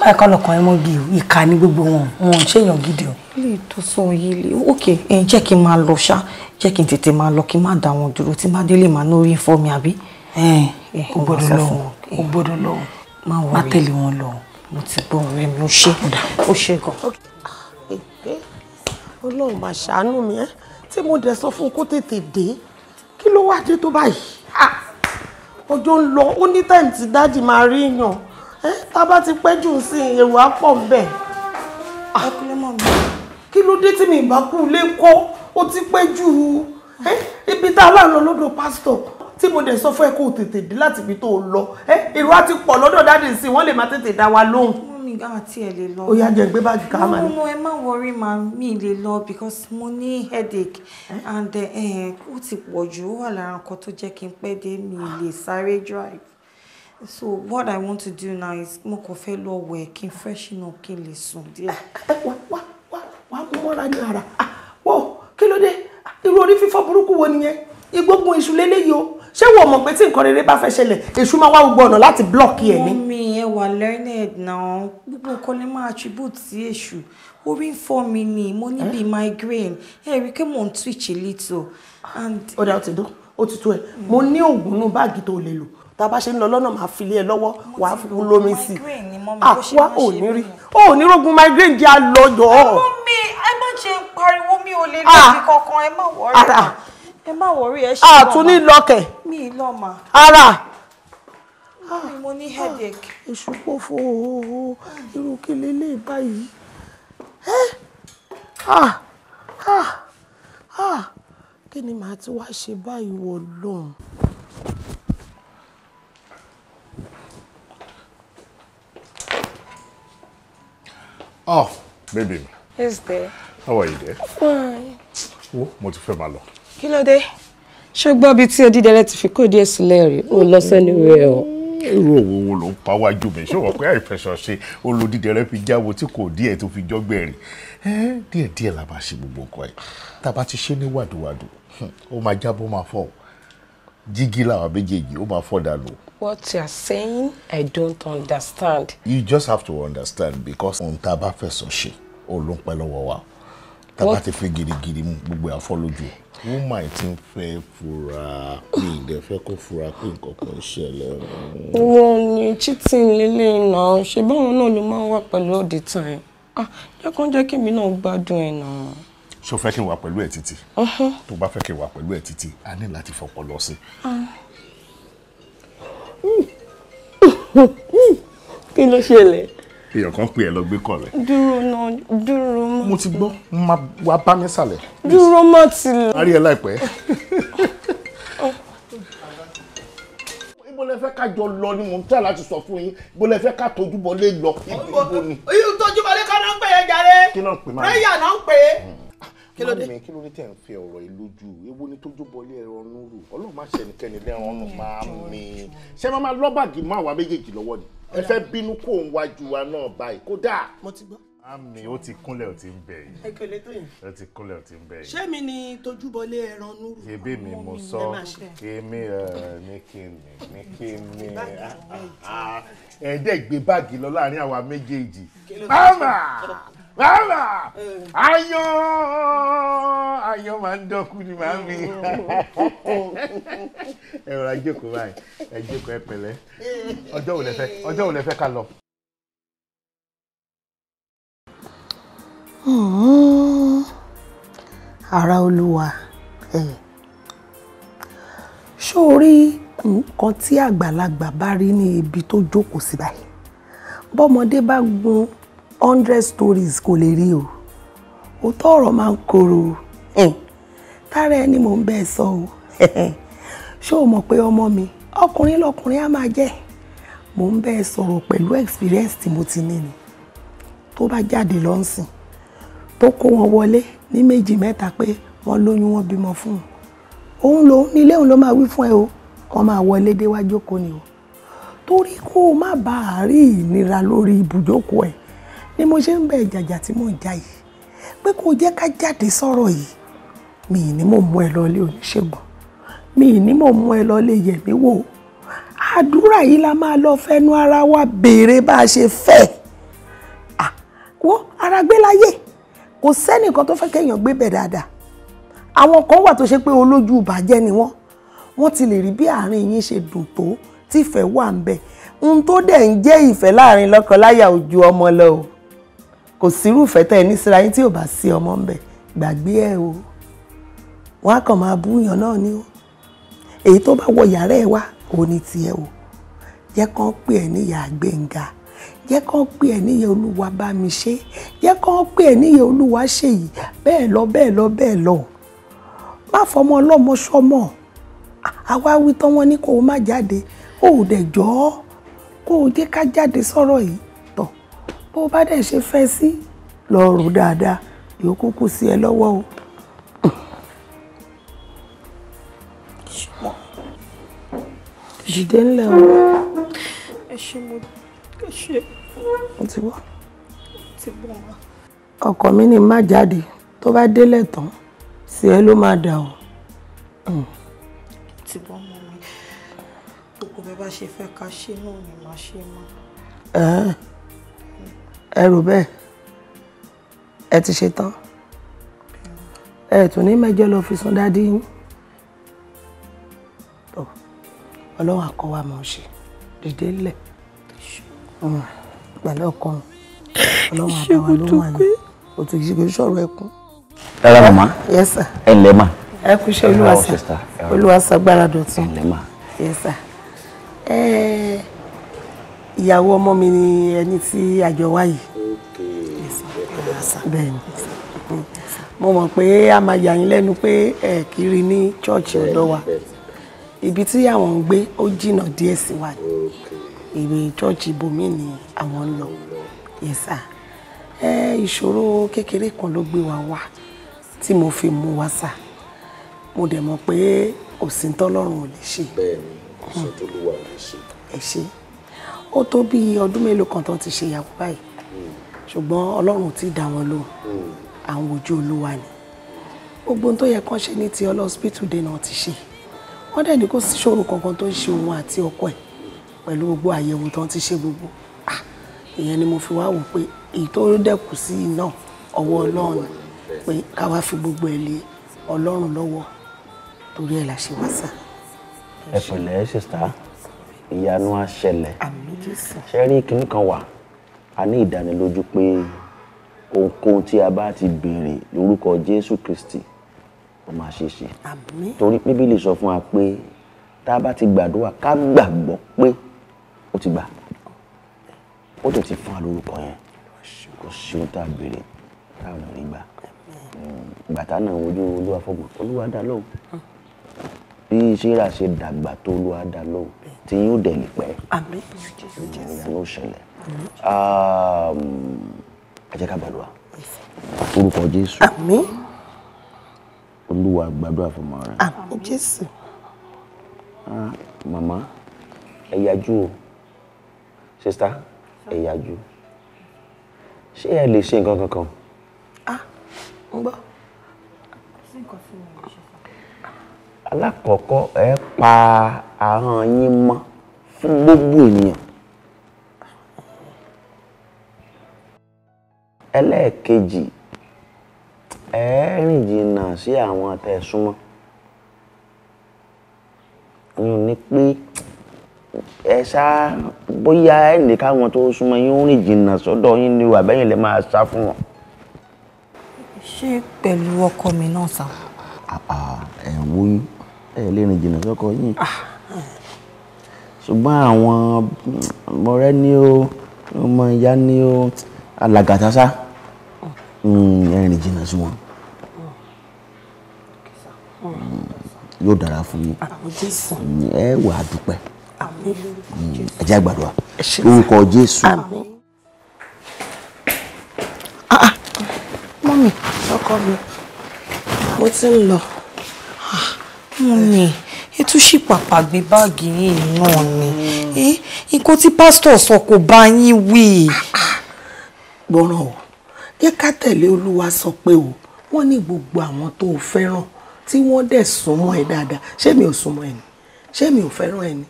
báyìí kọ́ lọ́kàn ẹ mọ́ bí o ìka ni gbogbo wọn wọn ò ṣèyàn gidi o. lè tó sọ yìí lè ókè ẹyin jẹ́ kí n máa lọ ṣá jẹ́ kí n tètè máa lọ kí n má dá wọn dúró tí má délé máa ná orí fọ́ mi àbí. o gbọ́dọ̀ lọ o gbọ́dọ̀ lọ má tẹ̀lé wọn lọ. mo ti gbọ́ ọ̀rẹ́ mi ó ṣe ó ṣe gan. Ah, ọlọ́run máa ṣàánú mi ẹ́ tí mo dẹ̀ sọ fún kó tètè dé kí ló wá dé tó báyìí ah, ọjọ́ ń lọ ó ní táìmù tí dáàdì máa rí yàn tá a bá ti pẹ́ jù sí èrò á pọ̀ ń bẹ̀. Ah, kí ló dé tí mi ìbá kú lé kọ́ ó ti pẹ́ jù ú ibi tá a láàánú lọ́dọ̀ pásítọ̀ tí mo dẹ̀ sọ fún ẹ kó o tètè dé láti ibi tó o lọ èrò á ti pọ̀ lọ́dọ̀ dáàdì sí wọ́n lè má tètè dá wa lóhùn mi gá àti ẹ lè lọ. ó jẹ gbé báàgì ká máa ní. mo ẹ má worry ma mi lè lọ because mo ní headache and eh, ó ti pọ̀ jù ó wà lára nǹkan tó jẹ́ kí n pẹ́ dé mi lè sáré drive so what i want to do now is mo kàn fẹ́ lọ wẹ̀ kí n freshen up kí n lè sùn díẹ̀. wá wá wá wá mú mọ́ra ní ara ah, wọ́n kí ló dé ah, irú orí fífọ́ burúkú wo nìyẹn igbógun iṣu lélẹ́yìí o ṣé wọ́n mọ̀ pé tí nǹkan rere bá fẹ́ ṣẹlẹ̀ èṣù máa wá gbogbo ọ̀nà láti blọ́ọ̀kì ẹ̀ ní. mọ́mí ẹ wà learned now. gbogbo nǹkan lè máa attribute sí èṣù orí ń me. mi ni mo ní bíi eh? migraine ẹ we i pé mò ń twitch little. ó dá ó ti dún ó ti tó ẹ mo ní oògùn inú báàgì tó lè lò tá a bá ṣe ń lọ lọ́nà máa fi lé ẹ lọ́wọ́ wà á fún lómi sí i ò ní rí ò ní rogun migraine jẹ́ àlọ́yọ̀. ẹ mú mi ẹ má ṣe pariwo mi ò lè lọ sí ah. kankan ẹ má wọrí ẹ má wọrí ẹ ṣe ah, lọ́mà àtúní lọ́kẹ̀ mi lọ́mà ara mo ní ah, headache. èṣù pọ̀ fún ooo irú kí lélẹ́yìn báyìí. Ah, ah, kí ni màá ti wá ṣe báyìí wọ̀ lọ́hùn. Oh, baby Yes, dear. How are you, dear? Fine. Wo, mo ti fẹ́ máa lọ. Kí ló dé? Ṣé gbọ́ bíi tí odídẹrẹ́ ti fi kó díẹ̀ sílẹ̀ rí? O lọ sẹ́ni rẹ̀ o. Èrò mm, òwò wo ló ń pa wájú mi? Ṣé o wọ̀ pé àìfẹsọ̀ ṣe olódídẹrẹ́ fi jáwo tí kò díẹ̀ tó fi jọ́gbẹ̀ rí? Díẹ̀ díẹ̀ la bá ṣe gbogbo nǹkan ẹ̀. Tá a bá ti ṣe ní wàdùwàdù, hmm, ó máa jábọ́ máa fọ́ jígí làwọn méjèèjì ó máa fọ́ dànù. what you are saying i don't understand. you just have to understand because ohun tá a bá fẹ̀sọ̀ ṣe ó ló ń pẹ́ lọ́wọ́ wa tá a bá ti fẹ́ girigiri mu gbogbo àfọ́lójú wọ́n máa ti ń fẹ́ fura mi ìdẹ fẹ́ kó fura pé nǹkan kan ṣẹlẹ̀. wọn ní cheating lílé náà ṣe báwọn náà ló máa wà pẹ̀lú all the time ah jẹ́ kó jẹ́ kí èmi náà gbádùn ẹ̀ náà ṣó fẹ́ kí n wà pẹ̀lú ẹ̀ títì tó bá fẹ́ kí n wà pẹ̀lú ẹ̀ títì a ní láti fọpọlọ sí. kí ló ṣẹlẹ̀. èèyàn kan pè ẹ lọ gbé kọ rẹ. dúró náà dúró mọ́. mo ti gbọ́ máa wá bá mi sàlẹ̀. dúró mọ́ ti lọ. a rí ẹ láìpẹ́. ibo lẹ ká jọ lọ ni mò ń tẹ láti sọ fún yín ibo lẹ ká tójú bọlé lọ ibo ni. oyin tójú bọlé kọ́ náà ń pè é jàre. kí náà pè máa. ń pè é kí ló dé mami kí ló ní tẹ̀ ń fi ọ̀rọ̀ yìí lójú ewu ni tójú bọlé ẹ̀rọ nuru ọlọ́run má ṣe ẹnikẹ́ni lẹ́ran nù mami ṣé máa máa lọ́bàgì mọ́ àwa méjèèjì lọ́wọ́ ni ẹ fẹ́ bínú kó ń wájú wa náà báyìí kódà. mo ti gbọ́. mami ó ti kúnlẹ̀ ó ti ń bẹ̀ yìí. ẹ tó yìí. ó ti kúnlẹ̀ ó ti ń bẹ̀ yìí. ṣé mi ni tójú bọlé ẹ̀rọ nuru. ebi mi mo sọ èmi ní kí ni ní kí ni ẹ̀ẹ́dẹ́gbẹ́ báàgì lọ láàrin àwa méjèèjì. mama màmá eh. ayọ̀ ayọ̀ máa ń dọ́kú ni màá mi eh, oh, oh, oh, ẹ rọra jókòó báyìí ẹ jókòó ẹ pẹ̀lẹ́ eh. ọjọ́ wo lẹ fẹ́ ọjọ́ wo lẹ fẹ́ ká lọ. Hmm. ara olúwa ṣó o rí nǹkan tí àgbàlagbà bá rí ní ibi tó jókòó sí báyìí bọ́mọdé bá gun hundred stories kò lè rí o òótọ́ ọ̀rọ̀ máa ń korò o tára ẹni mò ń bẹ́ẹ̀ sọ o ṣé o mọ̀ pé ọmọ mi ọkùnrin lọkùnrin á máa jẹ́ mò ń bẹ́ẹ̀ sọ̀rọ̀ pẹ̀lú experience tí mo ti ní ni tó bá jáde lọ́nsìn tó kó wọn wọlé ní méjì mẹ́ta pé wọ́n lóyún wọn bímọ fún un òun lòun nílé òun ló máa wí fún ẹ o wọ́n máa wọlé déwájú kò ní o torí kó o má bàa rí ìnira lórí ibùjókòó ẹ̀ ni mo ṣe ń bẹ ìjàjà tí mò ń jà yìí pé kò jẹ́ ká jáde sọ̀rọ̀ yìí mi ì ní mò ń mú ẹ lọ ilé oníṣègùn mi ì ní mò ń mú ẹ lọ ilé yẹ̀mí wò àdúrà yìí la máa lọ fẹnu ara wa béèrè bá a ṣe fẹ́ wọ́n ara gbé láyé kò sẹ́nìkan tó fẹ́ kéèyàn gbé bẹ̀ dáadáa àwọn kan wà tó ṣe pé olójú ìbàjẹ́ ni wọ́n wọ́n ti lè rí bí àárín yín ṣe dùn tó tífẹ̀ wà ń bẹ̀ ohun tó dẹ̀ ń jẹ́ ìfẹ́ láàrin lọ́kọláya ojú ọmọ lọ kò sírúfẹ́ tẹ́ ẹ ní síra yín tí ò bá sí ọmọ ńbẹ gbàgbé ẹ o wọn á kàn máa búyàn náà ni o èyí tó bá wọ yàrá ẹ wá òun ni tiẹ̀ o jẹ́ kán pè ẹ́ níyà Gbénga jẹ́ kán pè ẹ́ níyà Olúwa bá mi ṣe jẹ́ kán pè ẹ́ níyà Olúwa ṣe yìí bẹ́ẹ̀ lọ bẹ́ẹ̀ lọ bẹ́ẹ̀ lọ má fọmọ ọlọ́mọ ṣọmọ àwa wí tán wọn ní kó o má jáde ó dẹ̀ jọ́ kó o jẹ́ ká jáde sọ̀rọ̀ yìí bó o bá dẹ̀ ṣe fẹ́ sí lọ rò dáadáa yòókù kù sí ẹ lọ́wọ́ o. jìdé ńlẹ̀ o. ẹ ṣe mo ẹ ṣe. mo ti wọ́. ti bọ̀ wá. ọkọ mi ni má jáde tó bá délẹ̀ tán sí ẹ ló máa dà o. Hmm. ti bọ̀ mọ́ mi gbogbo bí bá ṣe fẹ́ ká ṣe náà ni màá ṣe mọ́ ẹ rò bẹ́ẹ̀ ẹ ti ṣe tán ẹ tún ní mẹ́jọ lọ fi sún dádì yín ọlọ́run àkọ́ wa mọ̀ ṣe dìde ńlẹ̀ mm, pẹ̀lú ọkàn ọlọ́run àbáwá ló wà ní òtún ìṣègùn sọ̀rọ̀ ẹkún. rárá màmá ẹ ǹlẹ́ mà. ẹ kú iṣẹ́ olúwa sàgbára dọ̀tún. ẹ ǹlẹ́ mà. ẹ ẹ ìyàwó ọmọ mi ni ẹni tí àjọ wá yìí bẹ́ẹ̀ni mm. mo mọ̀ pé a máa yà yín lẹ́nu pé ẹ kiri ní chọ́ọ̀chì ọ̀dọ́ wa ibi tí àwọn ń gbé ó jìnnà díẹ̀ sí wa ìwé chọ́ọ̀chì ibòmí ni àwọn ń lọ yẹ̀sà ìṣòro kékeré kan ló gbé wa wá tí mo fi mú wa sà mo dẹ̀ mọ̀ pé kò ò lè ṣe. bẹ́ẹ̀ni ìṣètò mm. ò lè ṣe. ẹ ṣe ó tó bí ọdún mélòó kan tó ti ṣe ìyàwó báyìí ṣùgbọ́n ọlọ́run ti dá wọn lóhùn àwọn ojú olúwa ni gbogbo ohun tó yẹ kán ṣe ní ti ọlọ́sibítù dé náà ti ṣe wọ́n dẹ̀ ní kó sí ṣòro kankan tó ń ṣe òun àti ọkọ ẹ̀ pẹ̀lú gbogbo àyẹ̀wò tó ń ti ṣe gbogbo ìyẹn ni mo fi wá wò pé èyí tó dẹ̀kù sí iná ọwọ́ ọlọ́run pé ká wá fi gbogbo ẹ̀ lé ọlọ́run lọ́wọ́ torí ẹ̀ la ṣe wá sà. ẹ pẹ̀lẹ́ sista ìyanu á ṣẹlẹ̀ ṣe rí kinní kan wà a ní ìdánilójú pé ohunkóhun tí a bá ti béèrè lórúkọ Jésù Kristi ó máa ṣe é ṣe torí bíbélì sọ fún wa pé tá a bá ti gbàdúrà ká gbàgbọ́ pé ó ti gbà ó tó ti fún wa lórúkọ yẹn kò sí ohun tá a béèrè táwọn ò rí gbà gbàtà náà ojú olúwa fọgbọ́n olúwa dá lóhùn bí ṣéra ṣe dàgbà tó olúwa dá lóhùn tí yóò dẹ̀ lè pẹ́. àmín ìyá ló ṣẹlẹ̀ àjẹká gbàdúrà orúkọ jésù àmín olúwa gbàdúrà fọmọ rẹ àmín jésù. màmá ẹ yájú o sista ẹ yájú ṣé ẹ lè ṣe nǹkan kankan. ah ń gbọ́. sí alákọ̀ọ́kọ́ ẹ pa ahọ́n yín mọ́ fún gbogbo ènìyàn ẹlẹ́ẹ̀kejì ẹ rìn jìnnà sí àwọn àtẹ̀súnmọ́ yìí ni pé ẹ ṣá bóyá ẹnì káwọn tó súnmọ́ yín ń rìn jìnnà sọ́dọ̀ yín ni àbẹ́yìn lè máa sá fún wọn. ṣé pẹ̀lú ọkọ mi náà sá. ẹ̀ ẹ lè rìn jìnnà sọ́kọ yín ah. ṣùgbọ́n àwọn ọ̀rẹ́ ni ó ọmọ ìyá ni ó alàgàtàsá hmm, ẹ rìn jìnnà sí wọn hmm, yóò dára fún yín hmm, ẹ wà á dúpẹ́ ẹ jẹ́ àgbàdo wa orúkọ Jésù. Ah, ah. mọ́mì ọkọ mi mo ti ń lọ mọ́mì ẹ tún ṣì pàpà gbé báàgì yìí náà ni nǹkan tí pásítọ̀ sọ kò bá yín wí. gbọ́ràn o jẹ́ ká tẹ̀lé olúwa sọ pé o wọ́n ní gbogbo àwọn tó o fẹ́ràn tí wọ́n dẹ̀ súnmọ́ ẹ dáadáa ṣé mi o sumo ẹ ni ṣé o ò fẹ́ràn ẹ ni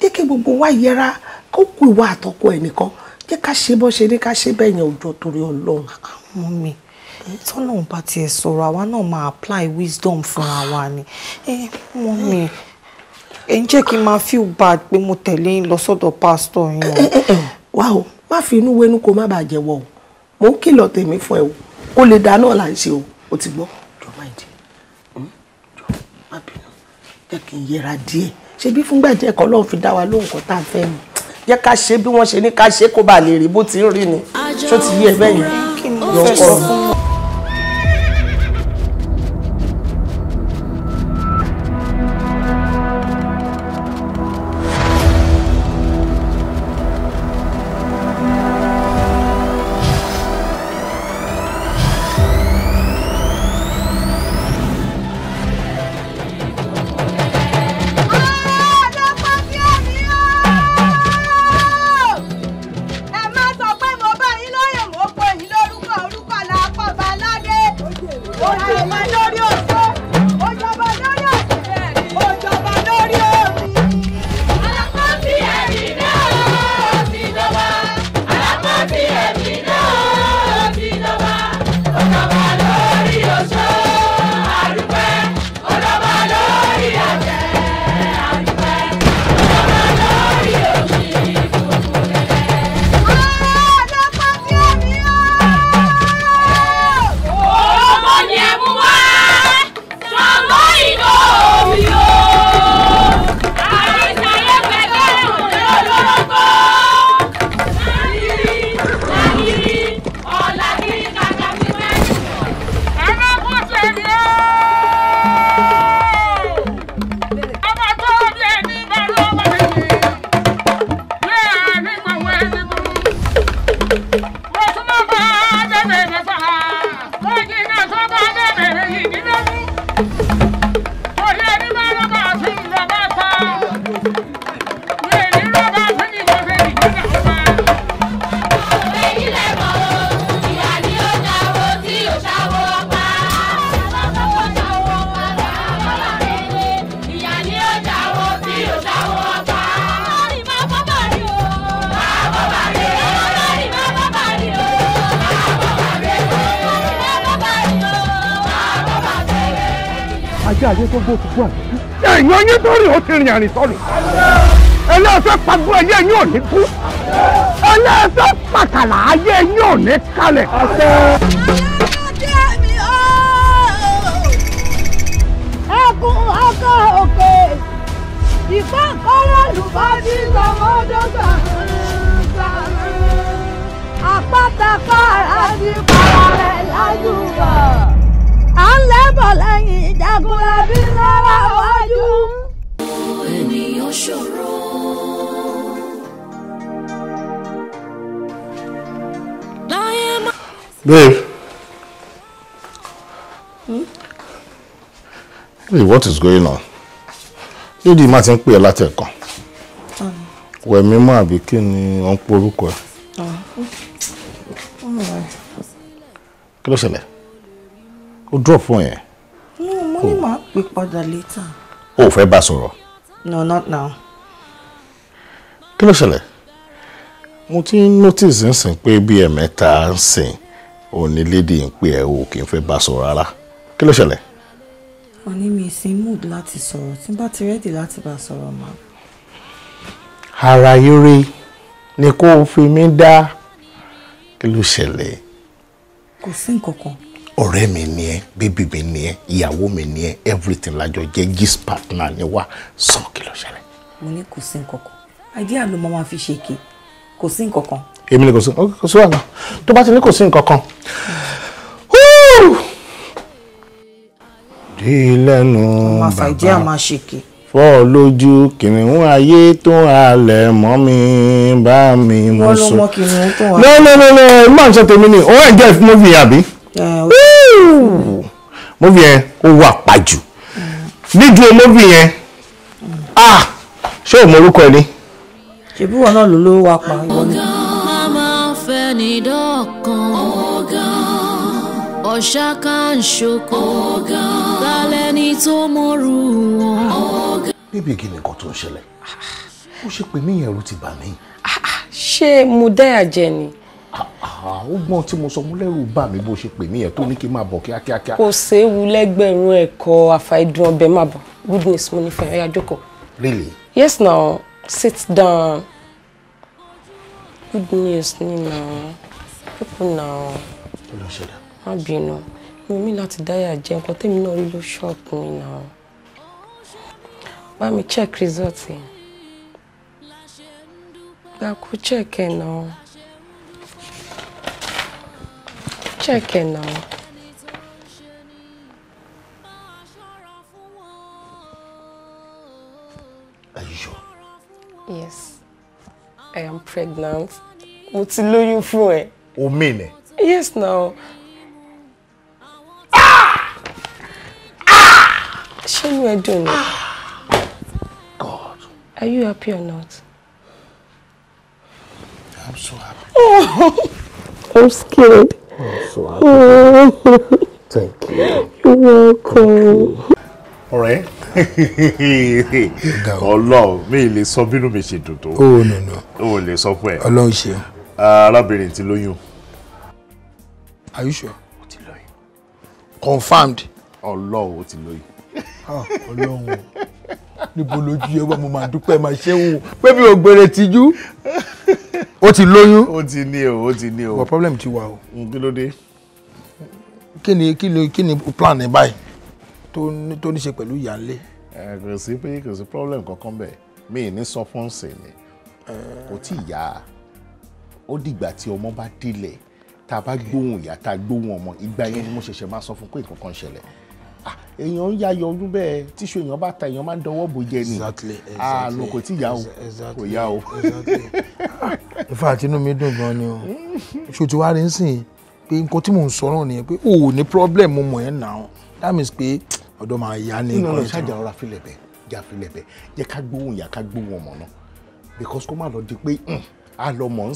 jẹ́ kí gbogbo wa yẹra kó kú ìwà àtọ́kọ ẹ nìkan jẹ́ ká ṣe bọ́ ṣe ní ká ṣe bẹ́ẹ̀ yẹn òjò torí tọ́lọ́run bá tiẹ̀ sọ̀rọ̀ àwa náà máa apply wisdom fúnra wa ni ẹ mọ́ mi ẹ ń jẹ́ kí n máa feel bad pé mo tẹ̀lé yín lọ sọ́dọ̀ pásítọ̀ yín o. wá o má fi inú wẹnu kó má bàa jẹ́wọ́ o mo ń kìlọ̀ tèmi fún ẹ o kó lè dáná là ń ṣe o o ti gbọ́. jọ má ìdí hmm? jọ má bínú jẹ́ kí n yẹra díẹ̀ ṣe bí fúngbà díẹ̀ kọ́ lọ́hùn fi dá wa lóhùn kan tá a fẹ́ mi jẹ́ ká ṣe bí wọ́n ṣe ní ká ṣe kó bàa lè rí bó ti ń rí ni ṣó ti yí ẹ bẹ́ẹ̀ yẹn yọ̀ ọ́ kí ayé tó gbó gbogbo àná. ẹ̀yìn ọyẹ́ tó rìn ó ti rìn àrìn sọ̀rọ̀. ẹlẹ́sẹ̀ pàgbọ́ ẹyẹ yín ò ní kú. ẹlẹ́sẹ̀ pàkàlà ayé yín ò ní kalẹ̀. ẹkùn ọkọ òkè ìfọ̀kọ́rọ̀ lùbọ́dí lọ́mọdọ́gba àpáta fara ti para rẹ̀ láyùbọ̀ lẹ́bọ̀ lẹ́yìn Jagunlabi lọ́wọ́ wájú. ènìyàn ṣòro. Babe. Hmm? Hey, what is going on? Lady ma ti ń pè ẹ́ látẹ̀kan. Wẹ̀mí mọ́ àbí kí ni wọ́n ń porúkọ ẹ̀? Ah, kí ló ṣẹlẹ̀? O drop phone yẹn. no mo ní màá pè padà later. o ò fẹ́ bá sọ̀rọ̀. no not now. kí ló ṣẹlẹ̀ mo ti ń notice ń sìn pé bí ẹ̀mẹ́ta ń sìn òní lédi ń pè ẹ́ o kì í fẹ́ bá sọ̀rọ̀ rárá kí ló ṣẹlẹ̀. òní mi sin mood láti sọ̀rọ̀ tí bá ti rẹ́dì láti bá sọ̀rọ̀ mọ́. ara yóre ni kó o fi mí dá kí ló ṣẹlẹ̀. kò sí nǹkan kan ọ̀rẹ́ mi ni ẹ bébí mi ni ẹ ìyàwó mi ni ẹ everything lájọ jẹ́ gist partner ni wá sàn kí ló ṣẹlẹ̀. mo ní kò sí nǹkankan àìdíyà ló máa fi ṣe èké kò sí nǹkankan. èmi ni kò sí kò sí wàhálà tó bá ti ní kò sí nǹkankan. dí lẹ́nu bàbá fọ́ lójú kìnìún ayé tó halẹ̀ mọ́ mi bá mi mú sùn. wọ́n ló mọ kìnìún tó halẹ̀. lọ́lọ́lọ́lọ́ máa ń sọ tèmi ni òun ẹ̀ jẹ́ movie àbí múvi yẹn ó wà pàjù nídùú múvi yẹn ah, ṣé o mọ orúkọ ni. ṣèbí wọn náà ló ló wà pa ìwọ ni. ọ̀ṣà kan ṣoko lálẹ́ ní tó mọ̀rù wọn. bíbí kí ni nǹkan tó ń ṣẹlẹ̀ ó ṣe pé mí yẹn ẹ̀rù ti bà mí. Ah, ah, ṣé mo dáyà jẹ ni ọgbọ́n tí mo sọ mú lẹ́rù bà mí bó ṣe pè mí yẹn tó ní kí n máa bọ̀ kíákíá. kò séwu lẹ́gbẹ̀rún ẹ̀kọ́ àfàìdùn ọbẹ̀ máa bọ̀ goodness mo nífẹ̀ẹ́ ọ̀yà jókòó. really. yes now sit down good news ni na people na. ó lọ ṣẹ̀dá. má bínú mi mi láti dáyà jẹ nǹkan tẹ́mi náà rí ló ṣọ́ọ̀kù mi na. bá mi check result yẹn. gbà kó check ẹ̀ náà. Check it now. Are you sure? Yes. I am pregnant. Mo ti lóyún fún ẹ. O mean Yes now. Ah! Ah! Ṣé inú ẹ dùn ni? God. Are you happy or not? I'm so happy. Oh, I'm scared. Thank you. You're welcome. Ọ̀rẹ́ Ọlọ́run mi lè sọ bínú mi ṣe dùn tó. O oh, no no. O lè sọ fún ẹ. Ọlọ́run ṣe. Arábìnrin ti lóyún. Are you sure? O ti lóyún. Confirmed. Ọlọ́run o ti lóyún. Ah, Ọlọ́run níbo lójú ẹ wá mo máa dúpẹ́ máa ṣẹ́wó pé mi ò gbèrè tìjú ó ti lóyún. ó ti ní o ó ti ní o. but problem ti wà o. Mm, kí ló dé. kí ni kí ni kí ni plan ní báyìí tó tó ní ṣe pẹ̀lú ìyáálé. ẹ kò sí pé kò sí problem kankan bẹ́ẹ̀ mi ì ní sọ fún ṣe ni kò tí ì yá ó dìgbà tí ọmọ bá délẹ̀ tá a bá gbóhùn ìyá tá a gbóhùn ọmọ ìgbà yẹn ni mo ṣẹ̀ṣẹ̀ máa sọ fún pé nǹkan kan ṣẹlẹ̀. Ah, èèyàn ń yáyọ ọdún bẹ́ẹ̀ tíṣu èèyàn bá ta èèyàn máa ń dọwọ́ bò ni àánú ah, kò tí ì o kò yá o. ìfà àtinú mi dùn gan ni o ṣò tí wàá rí nsìn pé nǹkan tí mò ń sọ náà nìyẹn pé o ò ní problem mo mọ̀ ẹ́ nà ọ́ that means pé ọ̀dọ́ máa yá ní nǹkan ẹ̀ tí wọ́n. ṣáàjà ọ̀rá filẹ̀ bẹ́ẹ̀ jà filẹ̀ jẹ́ ká gbóhùn ìyá ká gbóhùn ọmọ náà because kó má lọ di pé hmm, a lọ mọ̀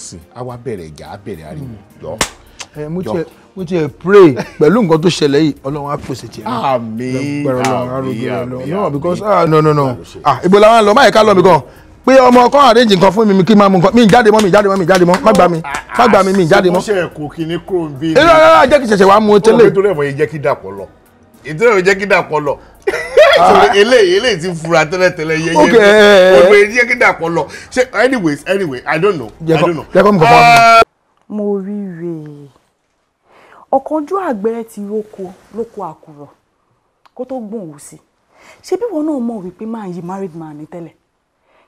ń mo ti ẹ̀ pray pẹ̀lú nǹkan tó ṣẹlẹ̀ yìí ọlọ́run á pèsè tiẹ̀ náà àmín àmín àmín no because ah no no no ah ibo làwọn lọ máyì ká lọ mi gan pé ọmọ kan àrèjì nǹkan fún mi kí n máa mu nǹkan mi jáde mọ́ mi jáde mọ́ mi jáde mọ́ má gbà mí má gbà mí mi jáde mọ́. ṣe kò kí ni kúrò ń bí. eré rárá jẹ́ kí ṣẹ̀ṣẹ̀ wàá mu tẹ́lẹ̀. ìtòlẹ́ ìwọ̀n yìí jẹ́ kí dàpọ̀ lọ ìtòlẹ́ ìwọ̀n jẹ́ kí dàpọ̀ lọ ah. eléyìí eléyìí ti fura tẹ́lẹ̀tẹ́lẹ̀ yẹyẹ eh, eh, eh. gbogbo èyí jẹ́ kí dàpọ̀ lọ ṣe anyways anyway i don't know i don't know. jẹ́ kọ́ mi kọ́ fọ́ mi. mo rí rèé ọ̀kánjú àgbẹ̀ ti roko lóko àkùrọ̀ kó tó gbòǹwò sí ṣé bí wọn náà mọ̀ wípé máa yí married man ní tẹ́lẹ̀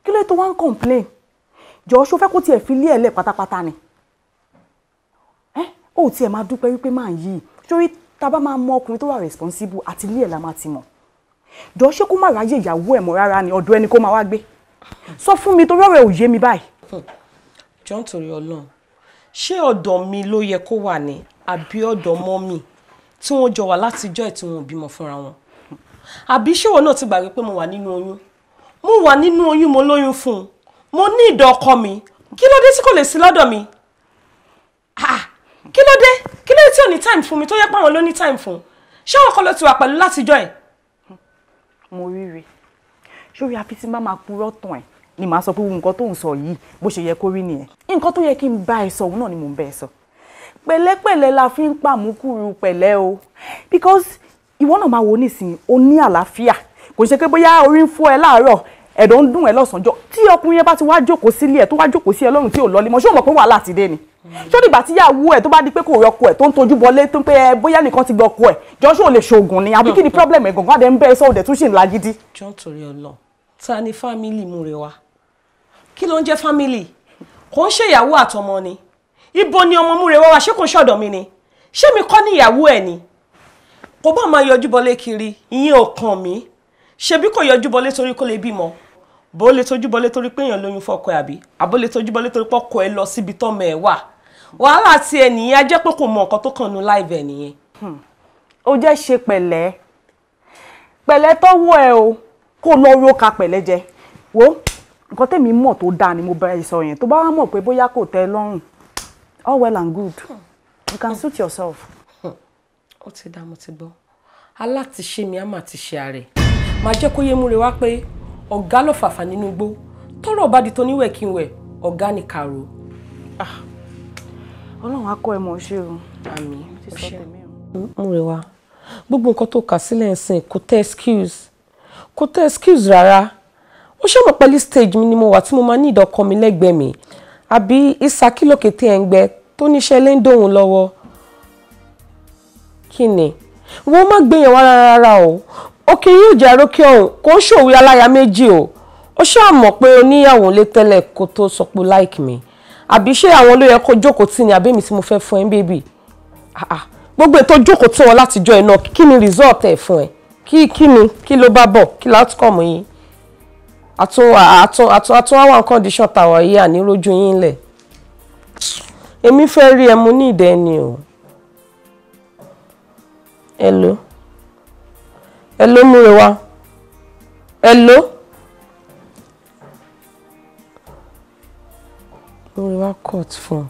kí ló tó wá ń complain jọ̀ọ́ ṣó fẹ́ kó tiẹ̀ fi lé ẹ̀lẹ́ pátápátá ni ẹ ó tiẹ̀ máa dúpẹ́ wípé máa yí sórí tá máa mọ ọkùnrin tó wà responsible àti ilé ẹ̀ la máa ti mọ̀ jọ̀ọ́ ṣé kó má ráyè ìyàwó ẹ̀ mọ́ rárá ni ọ̀dọ̀ ẹni kó máa wá gbé sọ fún mi torí ọ̀rọ̀ ẹ̀ ò yé mi báyìí. jọ́ǹtòrí ọlọ́run ṣé ọ̀dọ̀ mi ló yẹ kó wà ní àbí ọ̀dọ̀ mọ́mì tí wọ́n jọ wà látijọ́ ẹ̀ tí wọ́n bímọ fúnra wọn àbí ṣéwọ náà ti gbàgbé pé mo wà nínú oyún mo wà nínú oyún mo lóyún fún mo ní ìdọ̀ ọkọ mi kí ló dé tí kò lè sí lọ́dọ̀ mi kí ló dé kí ló dé tí ò ní time fún mi tó yẹ pé àwọn ló ní time fún ṣé àwọn kan ló ti wà pẹ̀lú látijọ́ ẹ̀. mo ríre sórí àfi tí má máa purọ́ tán ẹ̀ ni màá sọ pé nǹkan tó ń sọ yìí bó ṣe yẹ kó rí nìyẹn nǹkan tó yẹ kí n bá ẹ sọ òun náà ni mò ń bẹ ẹ sọ pẹ̀lẹ́pẹ̀lẹ́ la fi ń pàmùkùrù pẹ̀lẹ́ o because ìwọ náà máa wò nísìnyí o ní àlàáfíà kò ṣe pé bóyá orí ń fọ́ ẹ láàárọ̀ ẹ̀dọ̀ ń dùn ẹ lọ́sànjọ́ tí ọkùnrin yẹn bá ti wá jókòó sílé ẹ̀ tó wá jókòó sí ẹ lọ́rùn tí ò lọ limọ̀ ṣé o mọ̀ pé wàhálà ti dé ni ṣó dìgbà tí yàwó ẹ̀ tó bá di pé kò rọkọ ẹ̀ tó ń tojú bọlé tó ń pé bóyá nìkan ti gbọ́ ọkọ ẹ̀ jọ ṣó lè ṣoògùn ni àbí kí ni problem ẹ̀ gangan adé ń bẹ́ ẹ sọ́ọ̀dẹ̀ tún ṣì ń lagidi. john torí ọlọ ta ni fámìlì mú rẹ wá kí ló ń jẹ fámìlì kò ń ṣèyàwó àtọmọ ni ibo ni ọmọ múre wá wá ṣé kò ṣọ̀dọ̀ mi ni ṣé mi kọ́ níyàwó ẹ̀ ni kò bá máa yọjú bọlé kiri ìyẹn ò kàn mí ṣebí kò yọjú bọlé torí kó lè bímọ bó lè tójú bọlé torí pé èèyàn lóyún fọkọ ẹ àbí àbó lè tójú bọlé torí pọkọ ẹ lọ síbi tọmọ ẹ wà wàhálà tí ẹ nìyẹn á jẹ́ pé kò mọ nǹkan tó kàn nu láìvẹ nìyẹn. ó hmm. jẹ́ ṣe pẹ̀lẹ́ pẹ̀lẹ́ tọ́wọ́ ẹ o kó lọ ro ka pẹ̀lẹ́ jẹ wo nǹkan tèmi mọ̀ tó dáa ni mo bá sọ yẹn tó bá wà mọ̀ pé bóyá kò tẹ́ lọ́rùn all well and good hmm. you can hmm. suit yourself. Hmm. ó ti dá mo ti gbọ́ alátiṣe mi á mà ti ṣe àárẹ̀ màá jẹ́ kó yé mú re wá pé ọ̀gá ló fàfà nínú igbó tọ́rọ̀ bá di tó kí n wẹ̀ ọ̀gá ni kàrò. Ah. ọlọ́run á kọ́ ẹ mọ̀ ṣe o. àmín mú re wá gbogbo nǹkan tó kà sílẹ̀ ń sìn kò tẹ́ excuse kò tẹ́ excuse rárá ó ṣàmọ̀ pẹ̀lú stage mi ni mo wà tí mo máa ní ìdọ̀kan mi lẹ́gbẹ̀ẹ́ mi àbí ìsakílòkè tí ẹ̀ ń gbẹ tó níṣẹ́ lé ń dòun lọ́wọ́ kí ni wọ́n má gbìyàn wá rárá o òkè yóò jẹ́ àrókè ọ̀hún kò ń ṣòwò aláya méjì o ó ṣáà mọ̀ pé oníyàwó lé tẹ́lẹ̀ kó tó sọ pé like me àbí ṣé àwọn ló yẹ kó jókòó tì ní àbẹ́mi tí mo fẹ́ fún ẹ ń bèbí gbogbo ètò jókòó tí wọn látijọ́ ẹ̀ náà kí ni result ẹ̀ fún ẹ kí kí ni kí ló bá bọ̀ kí látúkọ̀mù yín àtún àtún àtún àwọn condition tàwa yìí ànírójú yín lẹ̀ èmi fẹ́ rí ẹ mú ní ìdẹ ni o hello hello Múrewá hello Múrewá court fún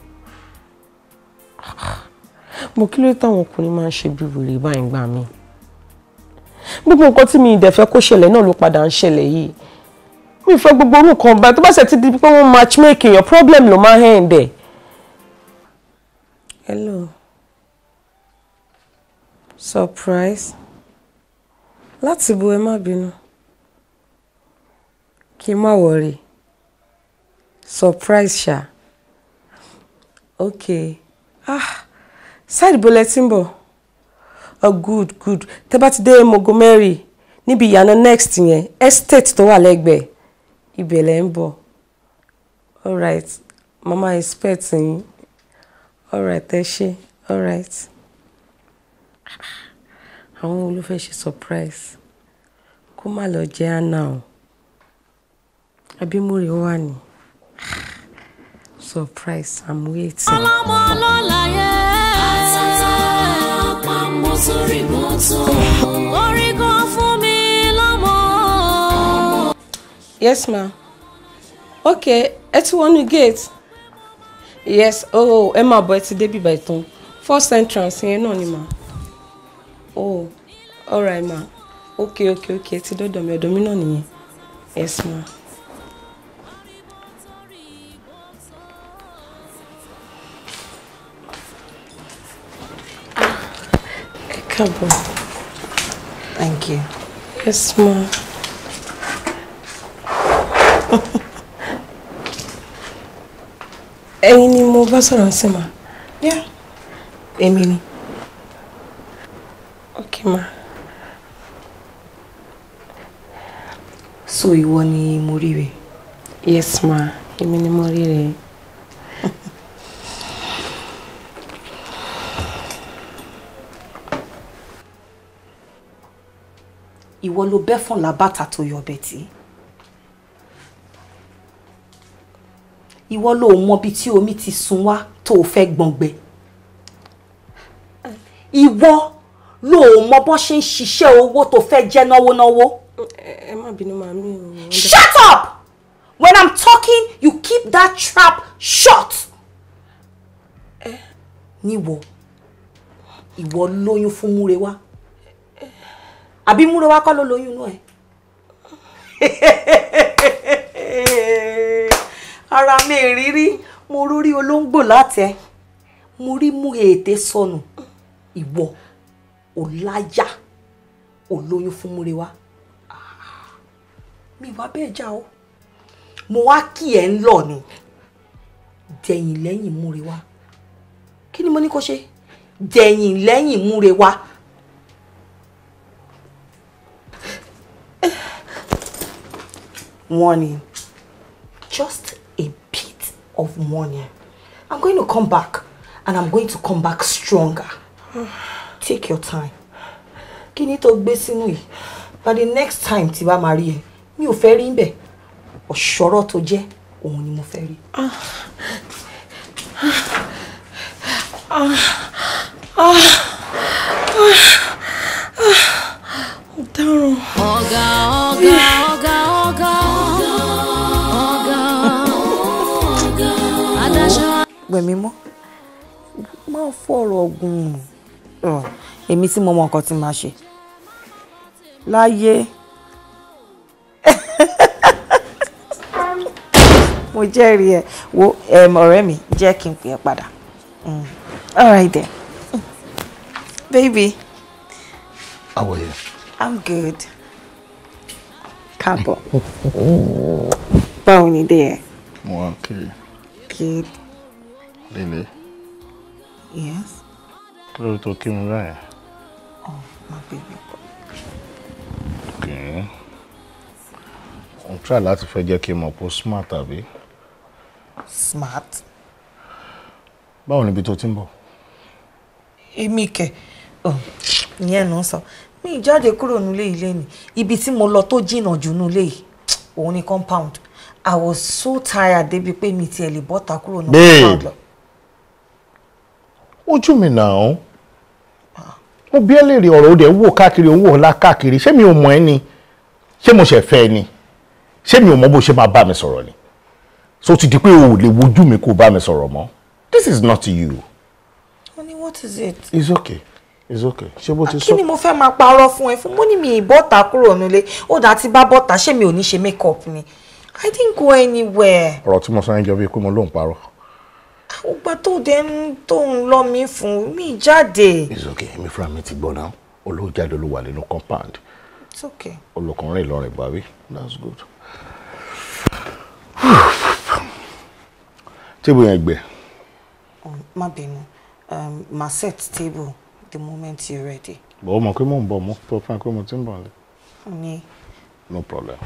mo kí ló táwọn ọkùnrin máa ń ṣe bí wèrè báyìí gbà mí gbogbo nǹkan tí mi ìdẹ̀fẹ́ kó ṣẹlẹ̀ náà ló padà ń ṣẹlẹ̀ yìí mi fẹ́ gbogbo orú nǹkan tó bá ṣe ti di pé wọ́n matchmaking your problem ló máa ń hello surprise láti bo ẹ má bínú kí n má wọrí surprise ṣá ok ah side bulletin bọ̀ oh good good tẹ́ bá ti dé Montgomery níbi ìyànà next yẹn estate tó wà lẹ́gbẹ̀ẹ́ ibẹ̀ lẹ́ ń bọ̀ alright mama expect yín all right ẹ ṣe all right àwọn wo ló fẹ́ ṣe surprise kó má lọ jẹ́ anna o abimori wà ní surprise i'm waiting. ọlọ́mọ ọlọ́lá yẹ. àtàtà pamọ́ sórí mọ́tò. orí kan fún mi lọ́mọ. yes ma okay ẹ ti wọnú gate yes oh ẹ máa bọ̀ ẹ ti débi ìbà ìtàn first entrance yẹn náà ni ma. oh alright ma ok ok ok ẹ ti dọ́dọ̀ mi ọ̀dọ̀ mi náà nìyẹn yes ma. ẹ káàbọ̀. thank you. yes ma. ẹ̀yin ni mo bá sọ̀rọ̀ sí ma yá èmi ni ok ma. so ìwọ ni mo rí rẹ. yes ma èmi ni mo rí rẹ. ìwọ ló bẹ́ fún tó yọ ọbẹ̀ tí. ìwọ ló mọ bí tí omi ti sun wá tó o fẹ́ gbọ̀ngbẹ ìwọ mọ bó ṣe ń ṣiṣẹ́ owó tó fẹ́ jẹ́ náwó náwó. ẹ má bínú màmí shut up when i'm talking you keep that trap shut. Eh. níwọ ìwọ lóyún fún múrewá àbí múrewá kọ́ ló lóyún inú ẹ̀. ara mi ìrírí mo rórí olóńgbò látẹ mo rí mú ètè sọnù ìwọ ọláyà olóyún fún múrewa mi wá bẹ́ẹ̀ já o mo wá kí ẹ̀ ń lọ ni dẹ̀yìn lẹ́yìn múrewa kí ni mo ní kó ṣe dẹ̀yìn lẹ́yìn múrewa. Warning. Just of morning. I'm going to come back and I'm going to come back stronger. Take your time. Kí ni tó gbé sínú By the next time tí bá máa rí mi ò fẹ́ rí ń bẹ̀. Ọ̀ṣọ́rọ̀ tó jẹ́, òun ni mo ah, rí. Ọ̀daràn. Ọ̀gá ọ̀gá. wẹ̀ mí mọ́ má fọ̀rọ̀ ọ̀gùn èmi tí mo mọ nǹkan tí màá ṣe láyé mo jẹ́rìí ẹ̀ wo ọ̀rẹ́ mi jẹ́ kí n pè ẹ́ padà mm. all right then baby. How are you? I'm good. Káàbọ̀. Báwo ni dé? Mo wà okay. Good. Lily. Yes. Kí ló tó kí Oh, my baby. Okay. Mo ń try láti fẹ́ jẹ́ kí n smart Abby. Smart. But only tó ti ń bọ̀? Èmi kẹ̀, oh, ìyẹn ló ń sọ. Mi ìjáde kúrò nílé ilé ni. Ibi tí mo lọ tó jìnnà ni compound. I was so tired débi pé mi tiẹ̀ lè bọ́ta kúrò ní compound lọ. Babe ojú mi náà mo bí ẹ léèrè ọ̀rọ̀ òde wò káàkiri òun wò ọ̀la káàkiri ṣé mi ò mọ̀ ẹ́ ni ṣé mo ṣẹ̀ fẹ́ ni ṣé mi ò mọ̀ bó ṣe máa bá mi sọ̀rọ̀ ni so ti di pé o ò lè wojú mi kó o bá mi sọ̀rọ̀ mọ́ this is not you. honey what is it. it's okay it's okay ṣé bó ah, ti sọ. kí ni mo fẹ́ máa parọ́ fún ẹ fún mo ní mi ìbọ́ta kúrò nílé ó dà tí bá bọ́ta ṣé mi ò ní ṣe make up ni i didn't go anywhere. ọ̀rọ̀ tí mo sọ yẹn jọ bíi pé mo lóun parọ́ ọgbà tó dé ń tó ń lọ mí fún mi jáde. it's okay èmi fúnra mi ti now. náà olóò jáde ló wà nínú compound. it's okay. olùkọ́rin ìlọrin bàbí that's good. table yẹn gbẹ. má Um, ma set table the moment you're ready. bọ́ọ̀ mọ̀ pé mò ń bọ̀ mo sọ fún ẹ pé mo ti ń bọ̀ ọ́n no problem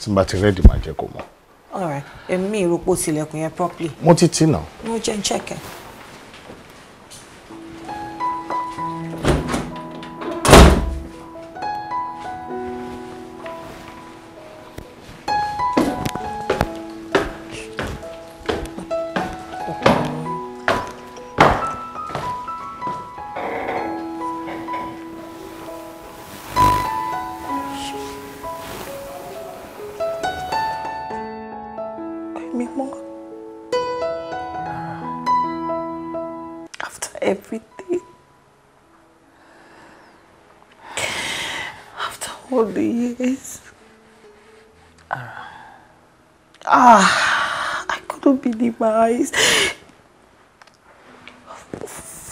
tí n ti rẹ́dì máa jẹ́ kó mọ̀ all right èmi ìròpò tilẹ̀kùn yẹn properly. mo ti tì náà. mo jẹ́ ń check ẹ̀. everything. After all the years. Ah, I couldn't believe my eyes.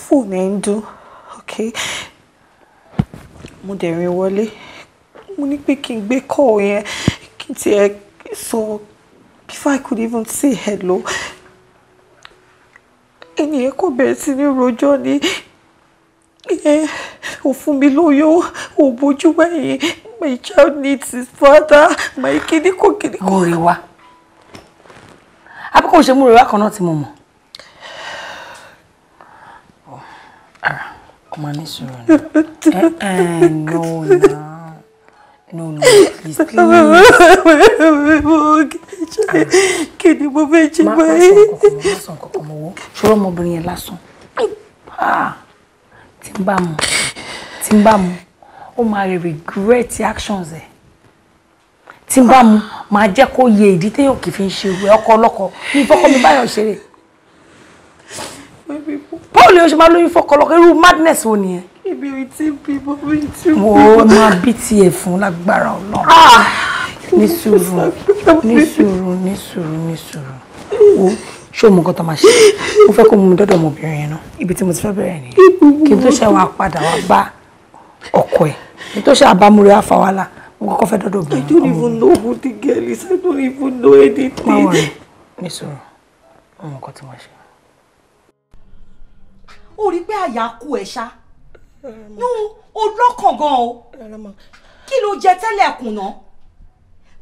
Funendo, okay? Mo dẹ̀rin wọlé. Mo ní pé kí n call yẹn kí n so before I could even say hello nìyẹn kò bẹ̀rẹ̀ sí ní rojọ́ ni ò fún mi lóyún ò bójú wẹ̀yìn my child needs his father my kíníkò kíníkò. mo rè wá àbúkò ṣe mú rè wá kan náà tí mo mọ̀. ọmọ ní sùúrù ni ẹ ẹ no na no no please please. jẹ́ kí ni mo fẹ́ ṣe báyìí. má sọ kankan mọ wọ ṣọwọ́ ọmọbìnrin yẹn lásán ah, tí ń bá mu tí ń bá mu ó máa regret actions ẹ̀ tí ń bá mu máa jẹ́ kó yẹ ìdí téèyàn kì í fi ń ṣe ìwé ọkọ ọlọ́kọ ní ìfọkọ mi báyọ̀ ṣeré báwo ni ṣe máa lóyún fọkọ ọlọ́kọ irú madness wo nìyẹn ibi tí bí mo bí tí mo. mo máa bí tiẹ̀ fún lágbára ọlọ́run. Ah! ní sùúrù ní sùúrù ní sùúrù ní sùúrù wo ṣé o mọ nǹkan tó máa ṣe mo fẹ́ kó mú mi dọ́dọ̀ ọmọbìnrin yẹn náà ibi tí mo ti fẹ́ bẹ̀rẹ̀ ni I don't even know who the girl is I don't even know anything. má wọrí ní sùúrù mo mọ nǹkan tó máa ṣe. o No, pé àyà kú ẹ̀ ṣá nú o lọ́kàn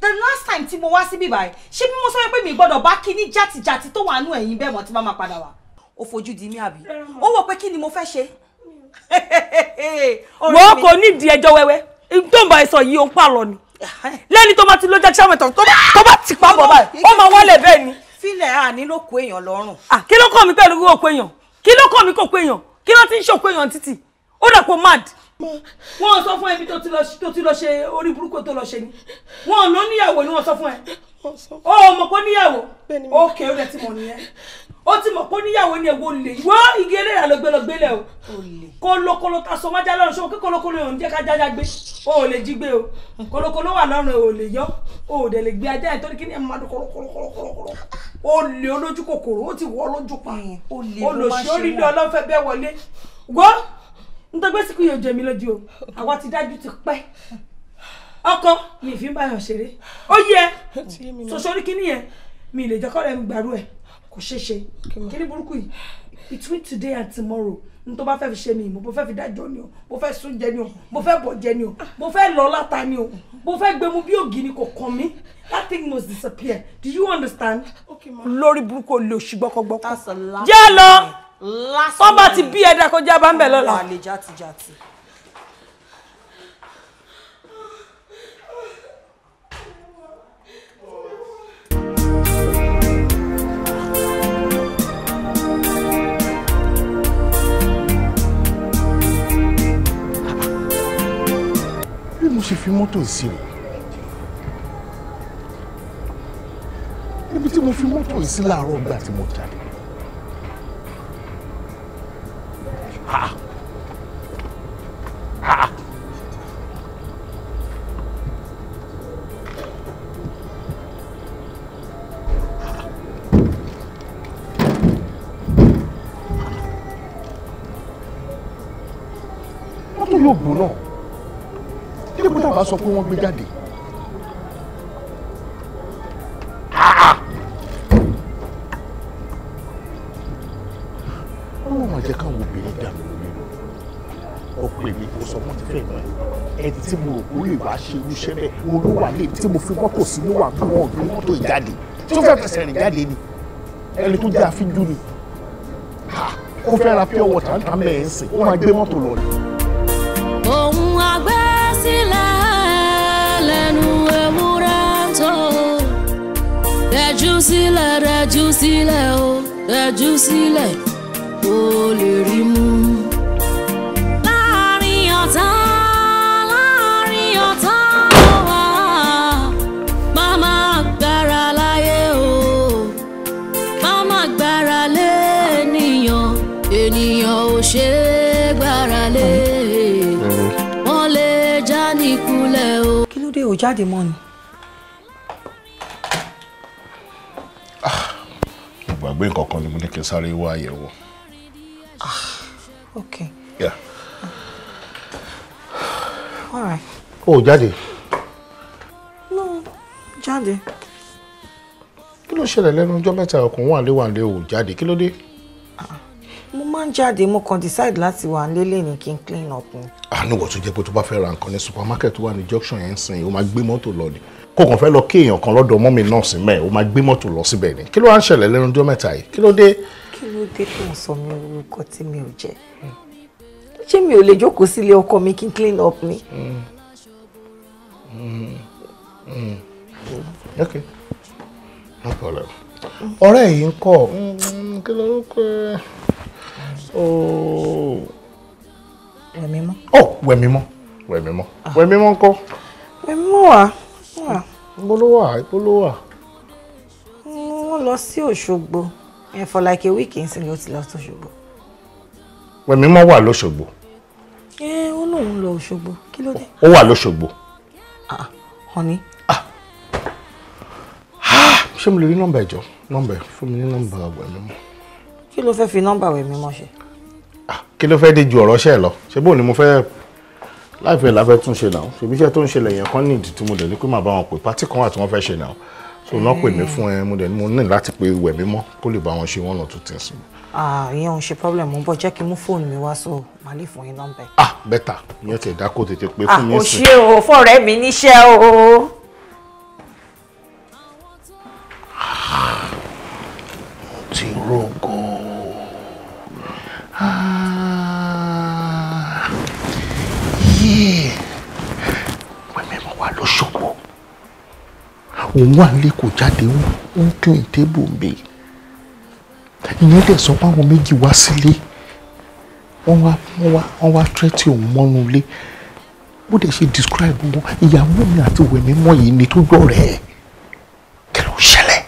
the last time tí mo wá síbí báyìí ṣé bí mo sọ pé mi gbọ́dọ̀ bá kíní Jati, tó wà nú ẹ̀yìn bẹ́ẹ̀ mọ̀ tí bá máa padà wá ó fojú di mi abi. ó wò pé kí ni mo fẹ́ ṣe. wọ́n kò ní ìdí ẹjọ́ wẹ́wẹ́ tó ń bá ẹ sọ yìí ó ń pààlọ́ ni lẹ́ni tó bá ti lọ́jà ṣàmìtàn tó bá ti pa bọ̀ báyìí ó máa wálẹ̀ bẹ́ẹ̀ ni. filẹ̀ àní ló kó èèyàn lọ́rùn. kí ló kọ́ mi pẹ̀lú òkú èèyàn kí ló kọ́ mi kò pé èèyàn kí ló ti ń ṣòkú èèyàn títì ó dàpọ̀ mad wọ́n sọ fún ẹbí tó ti lọ ṣe orí burúkú tó lọ ṣe ni wọ́n ló níyàwó ni wọ́n sọ fún ẹ ó mọ̀ pé níyàwó òkè ó lẹ ti mọ̀ nìyẹn ó ti mọ̀ pé níyàwó ni èwo lè wọ́ igi eléyà ló gbé o kólókóló ta sọ májá lọ́rùn ṣọ́wọ́ kí yòó ń jẹ́ ká gbé o ò lè jí gbé o kólókóló wà lọ́rùn o ò lè yọ o ò dẹ̀ lè gbé ajá ẹ̀ torí kí ni ẹ̀ máa dún kólókólókólókóló o lè olójú kòkòrò ó ti wọ́ lójú pa hmm, o lè ṣe orí ilé ọlọ́fẹ́ bẹ́ẹ̀ wọlé gbọ́ n tó gbé síkú yóò jẹ mí lójú o àwa ti dájú ti pẹ́ ọkọ mi fi ń báyọ̀ ṣeré ó yẹ sọsọrí kínní yẹn mi lè jẹ́ kọ́rẹ́ mi gbàrú ẹ̀ kò ṣeé ṣe kínní burúkú yìí between today and tomorrow n tó bá fẹ́ fi ṣe mi mo fẹ́ fi dájọ́ ni o mo fẹ́ sún jẹ ni o mo fẹ́ bọ̀ jẹ ni o mo fẹ́ lọ láta ni o mo fẹ́ gbé mu bí ògì ni kò kàn mí that thing must disappear do you understand? lórí burúkú olè òṣìgbọ́kọ̀gbọ́kọ̀ jẹ́ lọ lásán. wọ́n bá ti bí ẹ̀dá kọjá bá ń bẹ̀ lọ́la. wà lè játijàti. bí mo ṣe fi mọ́tò sí o ibi tí mo fi mọ́tò sí láàárọ̀ gbà tí mo jáde. bàbá sọ pé wọ́n gbé jáde. wọ́n máa jẹ́ káwọn obìnrin dànù lórí ọ̀pọ̀ èmi kò sọ wọ́n ti fẹ́ mọ́ ẹni tí mo rò kó lè wá ṣe irúṣẹ́ bẹ́ẹ̀ olówà lè tí mo fi mọ́tò sínú wà bí wọ́n gbé mọ́tò ìjáde tí fẹ́ fẹsẹ̀ rìn jáde ni ẹni tó jẹ́ àfíjú ni ó fẹ́ ra pure water ń ta mẹ́ẹ̀ẹ́sì ó máa gbé mọ́tò lọ ni. sílẹ̀ rẹjú sílẹ̀ o rẹjú sílẹ̀ o lè rí mú. láàrin ọ̀tá láàrin ọ̀tá wa màmá gbára láyé o màmá gbára lé ènìyàn ènìyàn ò ṣe gbára lé mm-hmm. wọ́n lè já níkulẹ̀ o. kí ló dé ò jáde mọ́ ni. gbàgbé nǹkan ni mo ní kí n sáré wá àyẹ̀wò. Ah, okay. yeah. all right. o oh, jáde. no jáde. kí ló ṣẹlẹ̀ lẹ́nu ọjọ́ mẹ́ta ọkùnrin wà léwàlé o jáde kí ló dé. Ah, mo máa ń jáde mo kàn decide láti wà nílé ní kí n clean up ni. àánú wọ̀ tó jẹ́ pé tó bá fẹ́ ra nǹkan ní supermarket tó wà ní junction yẹn ń sìn yìí ó máa gbé mọ́tò lọ ni kó kàn fẹ́ lọ kí èèyàn kan lọ́dọ̀ mọ́mì náà sí mẹ́ẹ̀ ó máa gbé mọ́tò lọ síbẹ̀ ni kí ló wá ń ṣẹlẹ̀ lẹ́nu ọjọ́ mẹ́ta yìí kí ló dé. kí ló dé tó ń sọ mi orúkọ tí mi ò jẹ ṣé mi ò lè jókòó sílé ọkọ mi kí n clean up ni. Mm, mm, mm. okay no problem ọ̀rẹ́ yìí ń kọ́ kí ló ń pẹ́ oh. oh, wẹ̀mímọ́. wẹ̀mímọ́ wẹ̀mímọ́ ah. wẹ̀mímọ́ ń kọ́. wẹ̀mímọ́ wà ibo ló wà ibo ló wà. Mm, wọ́n lọ sí Òṣogbo for like a week nsìn ló ti lọ sí Òṣogbo. wẹ̀mí mọ́ wà lọ́ṣogbo. ẹ eh, ó lóun lọ Òṣogbo kí ló dé. ó wà Ah, honey. Ah. Ah, ṣé mo lè rí nọ́mbà ẹ̀jọ̀ number, fún mi ní nọ́mbà wẹ̀mí mọ́. kí ló fẹ́ fi nọ́mbà wẹ̀mí mọ́ ṣe. Ah, kí ló fẹ́ dé ju ọ̀rọ̀ ṣẹ́ lọ ṣé bóun ni mo fẹ́ láìpẹ́ la fẹ́ tún ṣe náà ṣèbí iṣẹ́ tó ń ṣẹlẹ̀ yẹn kan ní ìdí tí mo dẹ̀ ní pé màá bá wọn pè pátí kan wà tí wọ́n fẹ́ ṣe náà so náà pè mí fún ẹ mo dẹ̀ ní mo ní láti pe ìwẹ̀ mi mọ́ kó lè bá wọn ṣe one or two things. ìyẹn ò ń ṣe problem mo bọ̀ jẹ́ kí n mú fóònù mi wá so màá lè fún yín nọ́mbà. ah bẹ́tà ìyẹn ti dákó tètè pé fún mi ah, sí. àkòṣe o fọ̀rẹ́ wẹ́mẹ́mọ wa lọ́ṣọ́gbọ̀ òun wà nílé kò jáde ó ń clean table mi ìyẹn dẹ̀ sọ pé àwọn méjì wá sílé wọ́n wá wọ́n wá wọ́n wá tẹ́tí òun mọ́nú ilé bó dẹ̀ ṣe describe wọn ìyàwó mi àti wẹ̀mí mọ́ yìí ni tó gbọ́ rẹ̀ kí ló ṣẹlẹ̀.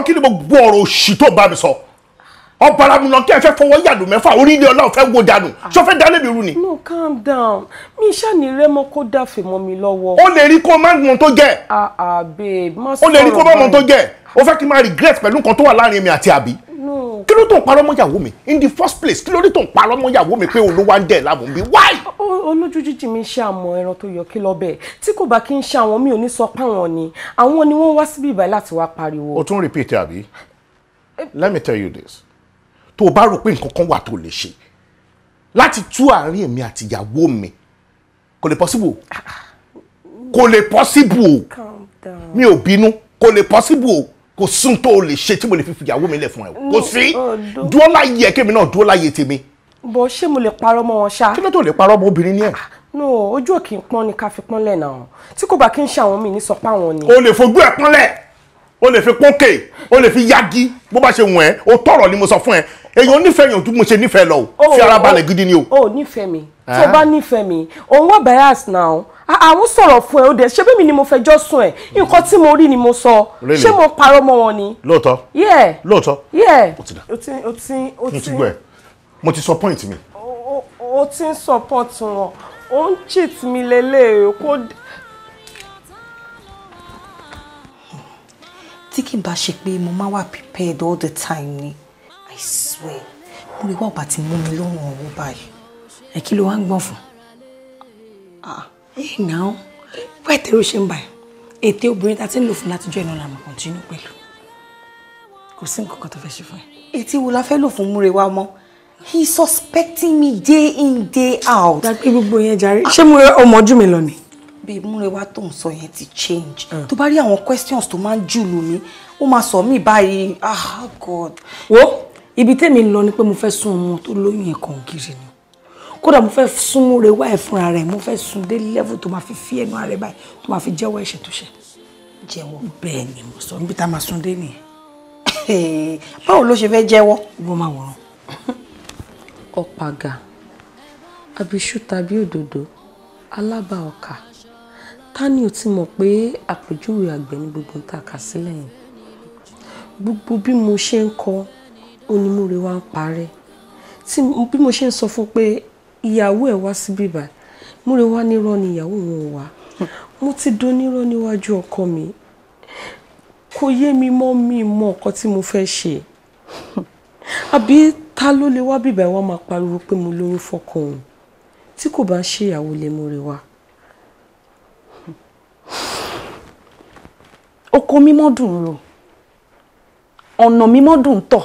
jọ kí ni gbogbo ọ̀rọ̀ òṣì tó bá mi sọ ọba ara mi lọ kí ẹ fẹ́ fọwọ́ yàdù mẹ́fà orílẹ̀ ọlọ́run fẹ́ wo dànù ṣọ fẹ́ dálé mi rú ni. no calm down mi ni rẹmọ kó dàfẹ́ mọ́ mi lọ́wọ́. o lè rí kó má mọ tó jẹ. àà ah, ah, babe má sọ̀rọ̀ báyìí o lè rí kó má mọ tó jẹ o fẹ́ kí n máa regret pẹ̀lú nǹkan tó wà láàrin mi àti àbí nù. kí ló tó ń parọ́ mọ́ ìyàwó mi in the first place kí ló dé tó ń parọ́ mọ́ ìyàwó mi pé olówó ń dẹ̀ láàmú bí why. olójú jíjì mi ṣe àmọ́ ẹran tó yọ kí lọ bẹ́ẹ̀ tí kò bá kí n ṣe àwọn mi ò ní sọ páwọn ni àwọn ni wọ́n wá síbí ìbáyìí láti wá pariwo. o tún repeat àbí let me tell you this tó o bá rò pé nǹkan kan wà tó lè ṣe láti tú àárín èmi àti ìyàwó mi kò lè possible ah, ah. kò lè possible mi ò bínú kò lè possible kò sún tó o lè ṣe tí mo lè fi fìyàwó mi lẹ̀ fún ẹ o kò sí dúró láyé kémi náà dúró láyé tèmi. bó ṣé mo lè parọ́ mọ́ wọn ṣá. kí ló tó lè parọ́ mọ́ obìnrin ní ẹ̀. Ah, no ojú òkè ń pọ́n ni ká fi pọ́n lẹ̀ náà tí kò bá kí ń ṣe àwọn míì ní sọ pé àwọn ni. o lè fojú ẹ̀ pọ́n lẹ̀ o lè fi pọ́ńkè o lè fi yagi bó bá ṣe wọ̀n ẹ́ o tọrọ ni mo sọ fún ẹ èyàn onífẹ̀ẹ́ yàn tó mo ṣe nífẹ̀ẹ́ lọ o oh, fi ara oh, balẹ̀ gidi ni o. o oh, nífẹ̀ẹ́ mi tó ah. bá nífẹ̀ẹ́ mi òun wà bias now àwọn sọ̀rọ̀ fún ẹ o dẹ̀ ṣé bẹ́ẹ̀ mi ni mo fẹjọ́ sùn ẹ mm. nǹkan tí mo rí ni mo sọ ṣé mo parọ́ mọ́ wọn ni. lóòótọ́ lóòótọ́ o ti dà o ti gbọ́ ẹ mo ti sọ point mi. o ti ń support wọn o ń cheat mi lélẹ́ẹ̀ẹ́ kó tí kì í bá ṣe pé mo máa wà prepared all the time ni I swear mo lè wá ọ̀bà tí mú mi lọ́rùn ọ̀wọ́ báyìí ẹ kí ló wá ń gbọ̀n fún ah, ẹ̀yìn náà wẹ́ẹ̀ tẹ́rù ṣe ń báyìí ètè obìnrin tá a ti ń lò fún látijọ́ ìnáwó làmọ̀ continue pẹ̀lú kò sí nǹkan kan tó fẹ́ ṣe fún ẹ. ètí wo la fẹ́ lò fún múre wa mọ́ he suspecting me day in day out. dàgbé gbogbo yẹn jàre ah. ṣé mo ọmọ ojú mi lọ ni bíi múrewá tó ń sọ yẹn ti change ah. tó bá rí àwọn questions tó máa ń jùlù mi ó máa sọ mí báyìí ah god. wo ibi tèmi lọ ni pé mo fẹ́ sún ọmọ tó lóyún ẹ̀ kàn gírí ni kódà mo fẹ́ sún múrewá ẹ̀ fúnra rẹ̀ mo fẹ́ sún dé level tó máa fi fi ẹnu ara rẹ̀ báyìí tó máa fi jẹ́wọ́ ẹ̀ṣẹ̀ tó ṣe. jẹ́wọ́ bẹ́ẹ̀ ni mo sọ níbi tá a máa sún dé nìyẹn. báwo ló ṣe fẹ́ jẹ́wọ́. wọ́n máa wọ̀ràn. ọ̀pàgà àbíṣú tàbí òdòdó alábà ọkà ká ní o ti mọ̀ pé àpèjúwe àgbẹ̀ ní gbogbo ń takà sílẹ̀ yẹn gbogbo bí mo ṣe ń kọ onímúre wa ń parẹ́ tí bí mo ṣe ń sọ fún pé ìyàwó ẹ̀ wá síbí bá múre wá nírọ́ ni ìyàwó wọn wà mo ti donírọ́ níwájú ọkọ mi kò yé mi mọ́ mi mọ́ ọkọ tí mo fẹ́ ṣe àbí ta ló lè wá bíbá ẹ wá máa pariwo pé mo lóyún fọkàn òun tí kò bá ń ṣe ìyàwó lè múre oko mímọ́ dùn rò ọ̀nà mímọ́ dùn tọ̀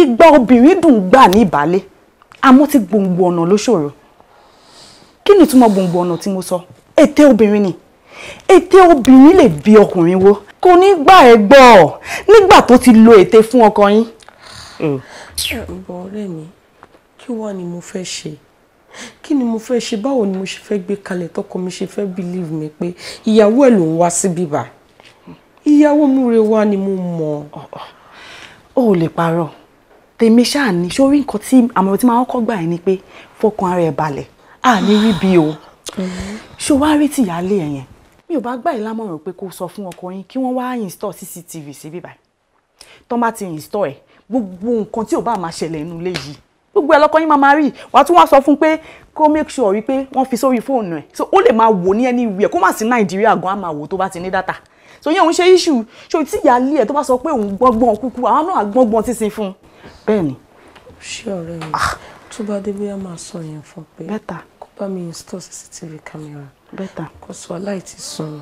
igba obìnrin dùn gbà ní ìbálẹ̀ àmọ́ ti gbòǹgbò ọ̀nà ló ṣòro kí ni ìtumọ̀ gbòǹgbò ọ̀nà tí mo sọ ète obìnrin ni ète obìnrin lè bí ọkùnrin wo kò ní gbà ẹ gbọ́ ọ nígbà tó ti lo ète fún ọkọ yín. ọ̀bọ̀ ọ̀rẹ́ mi kí wàá ni mo fẹ́ ṣe kí ni mo fẹ́ ṣe báwo ni mo ṣe fẹ́ gbé kalẹ̀ tọkọ mi ṣe fẹ́ believe mi pé ìyàwó ẹ̀ ló ń wá síbí bá ìyàwó múre wá ni mo mọ̀. o ò lè parọ́ tèmi ṣáà ní sórí nǹkan tí àmọ̀ràn tí máa ń kọ́ gbà ẹ́ ni pé fọkàn ara ẹ̀ balẹ̀ à ní rí bí o ṣó wá rí tìyáálé ẹ̀ yẹn mi ò bá gbà ẹ́ lámọ̀ràn pé kó sọ fún ọkọ yín kí wọ́n wá install CCTV síbí báyìí tọ́ bá ti install ẹ̀ gbogbo nǹkan tí ò bá máa ṣẹlẹ̀ nínú ilé yìí gbogbo ẹ lọkọ yín máa máa rí wàá tún wá sọ fún pé kó make sure rí pé wọ́n fi sórí fóònù ẹ̀ so ó lè máa wò ní anywhere kó má sí nàìjíríà gan-an máa wò tó bá ti ní dátà so yẹn òun ṣe issue so tí ìyáálé ẹ̀ tó bá sọ pé òun gbọ́ngbọ́n kúkú àwọn náà gbọ́ngbọ́n sísin fún un bẹ́ẹ̀ ni. ṣé ọ̀rẹ́ mi ah. tó bá dé bóyá máa sọ yẹn fún pé bẹ́tà kó bá mi install cctv camera bẹ́tà kó sọ aláìtì sun.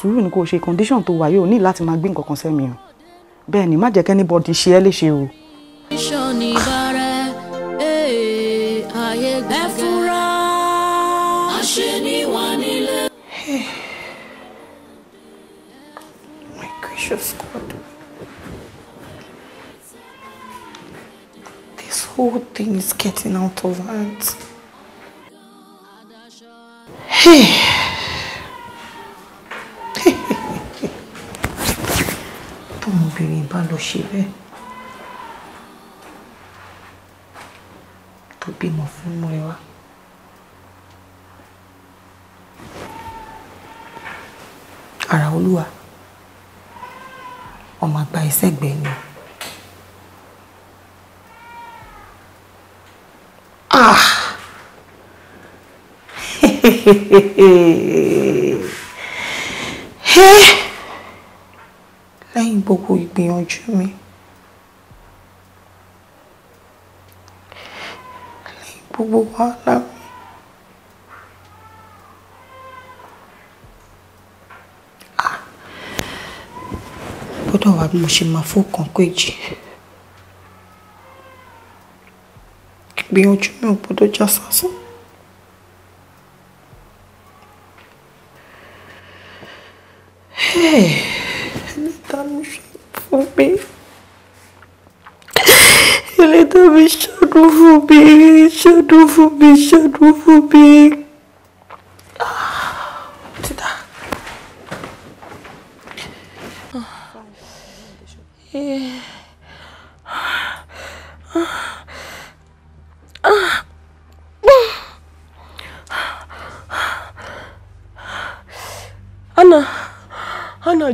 sùúrù ni kò ṣe condition tó wà yóò ní láti máa gbé nǹkan kan sẹ́mi o bẹ́ẹ̀ ni má jẹ́ kẹ́nibọ́dì ṣe ẹ́ léṣe o. whole thing is getting out of hand. Hey. Tọ́mọbìnrin bá lọ ṣe bẹ́ẹ̀. Tó bímọ fún Múrẹwà. Ara olúwa. Ọmọ àgbà ìsẹ́gbẹ̀ẹ́ ni. lẹ́yìn gbogbo ìgbìyànjú mi lẹ́yìn gbogbo wàhálà mi gbọ́dọ̀ wà bí mo ṣe máa fọkàn péjì ìgbìyànjú mi ò gbọ́dọ̀ já sásán. Hey, is done for me. Ele também chorou por mim, chorou por mim, chorou for me.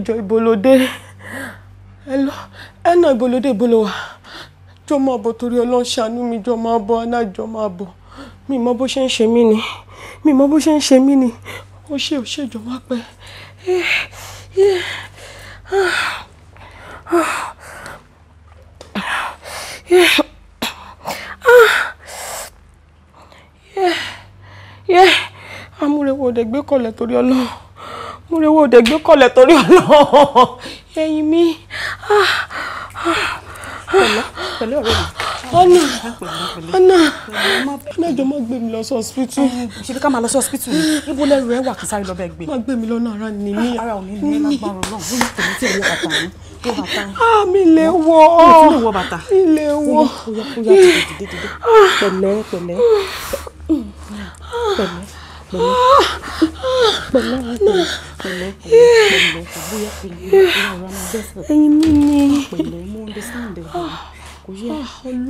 ẹjọ́ ìbolódé ẹlọ ẹnà ìbolódé ìbolówà jọ máa bọ̀ torí Ọlọ́run ṣàánú mi jọ máa bọ̀ alájọ máa bọ̀ mi mọ bó ṣe ń ṣe mí ni mi mọ bó ṣe ń ṣe mí ni ó ṣe ò ṣèjọ wá pẹ́ yeah. Ah. Yeah. Yeah. Amúrewò dẹ̀gbẹ́kọ̀lẹ̀ torí Ọlọ́run orí owó òde gbé kọlẹ̀ torí ọlọ́run ẹ̀yìn mi. pẹ̀lú ọ̀rẹ́ mi. ọ̀nà ọ̀nà ọ̀nà ìjọ máa gbé mi lọ sí ọ̀sìpìtì. ṣe bí ká máa lọ sí ọ̀sìpìtì ni ibo lẹ́rù ẹ wà kí sáré lọ bẹ́ẹ̀ gbé. máa gbé mi lọ́nà ara ni mí. Ah, ara ò ní ní lágbára ọlọ́run ó ní tèmi bàtà ah, mi lè wọ ọ́ mi lè wọ bàtà. mi lè wọ. Ah. pẹ̀lẹ́ pẹ̀lẹ́ pẹ̀lẹ́ pẹ̀lẹ́ pẹ̀lẹ́ pẹ̀lẹ́ pẹ̀lẹ́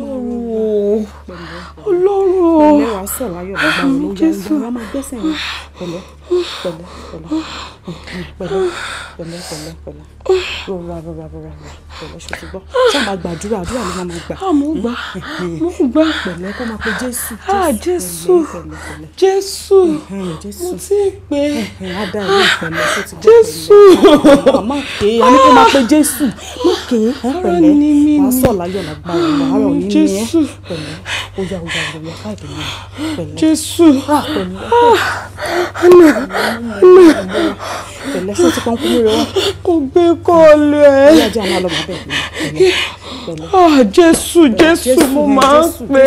o ọlọ́run o pẹ̀lẹ́ pẹ̀lẹ́ pẹ̀lẹ́ pẹ̀lẹ́ pẹ̀lẹ́ rọra rọra rọra pẹ̀lẹ́ ṣòtú gbọ́ ṣé máa gbàdúrà àdúrà ló máa gbà. àmọ́ gbà mo gbà pẹ̀lẹ́ kó máa pe jésù ah, jésù jésù mo ti pè ah, jésù má ké àní kó máa pe jésù má ké pẹ̀lẹ́ má sọ láyọ̀ lágbára àárọ̀ yìí ni ẹ ah, pẹ̀lẹ́ ó yá ó yá ó yá káàkiri pẹ̀lẹ́ jésù pẹ̀lẹ́ pẹ̀lẹ́ ṣé o ti pọ́n kúrú rẹ wá. kò gbé kọ́ọ̀lù ẹ̀. ìyá ajá máa lọ bá bẹ̀ pẹ̀lẹ́. jésù jésù mo máa ń pè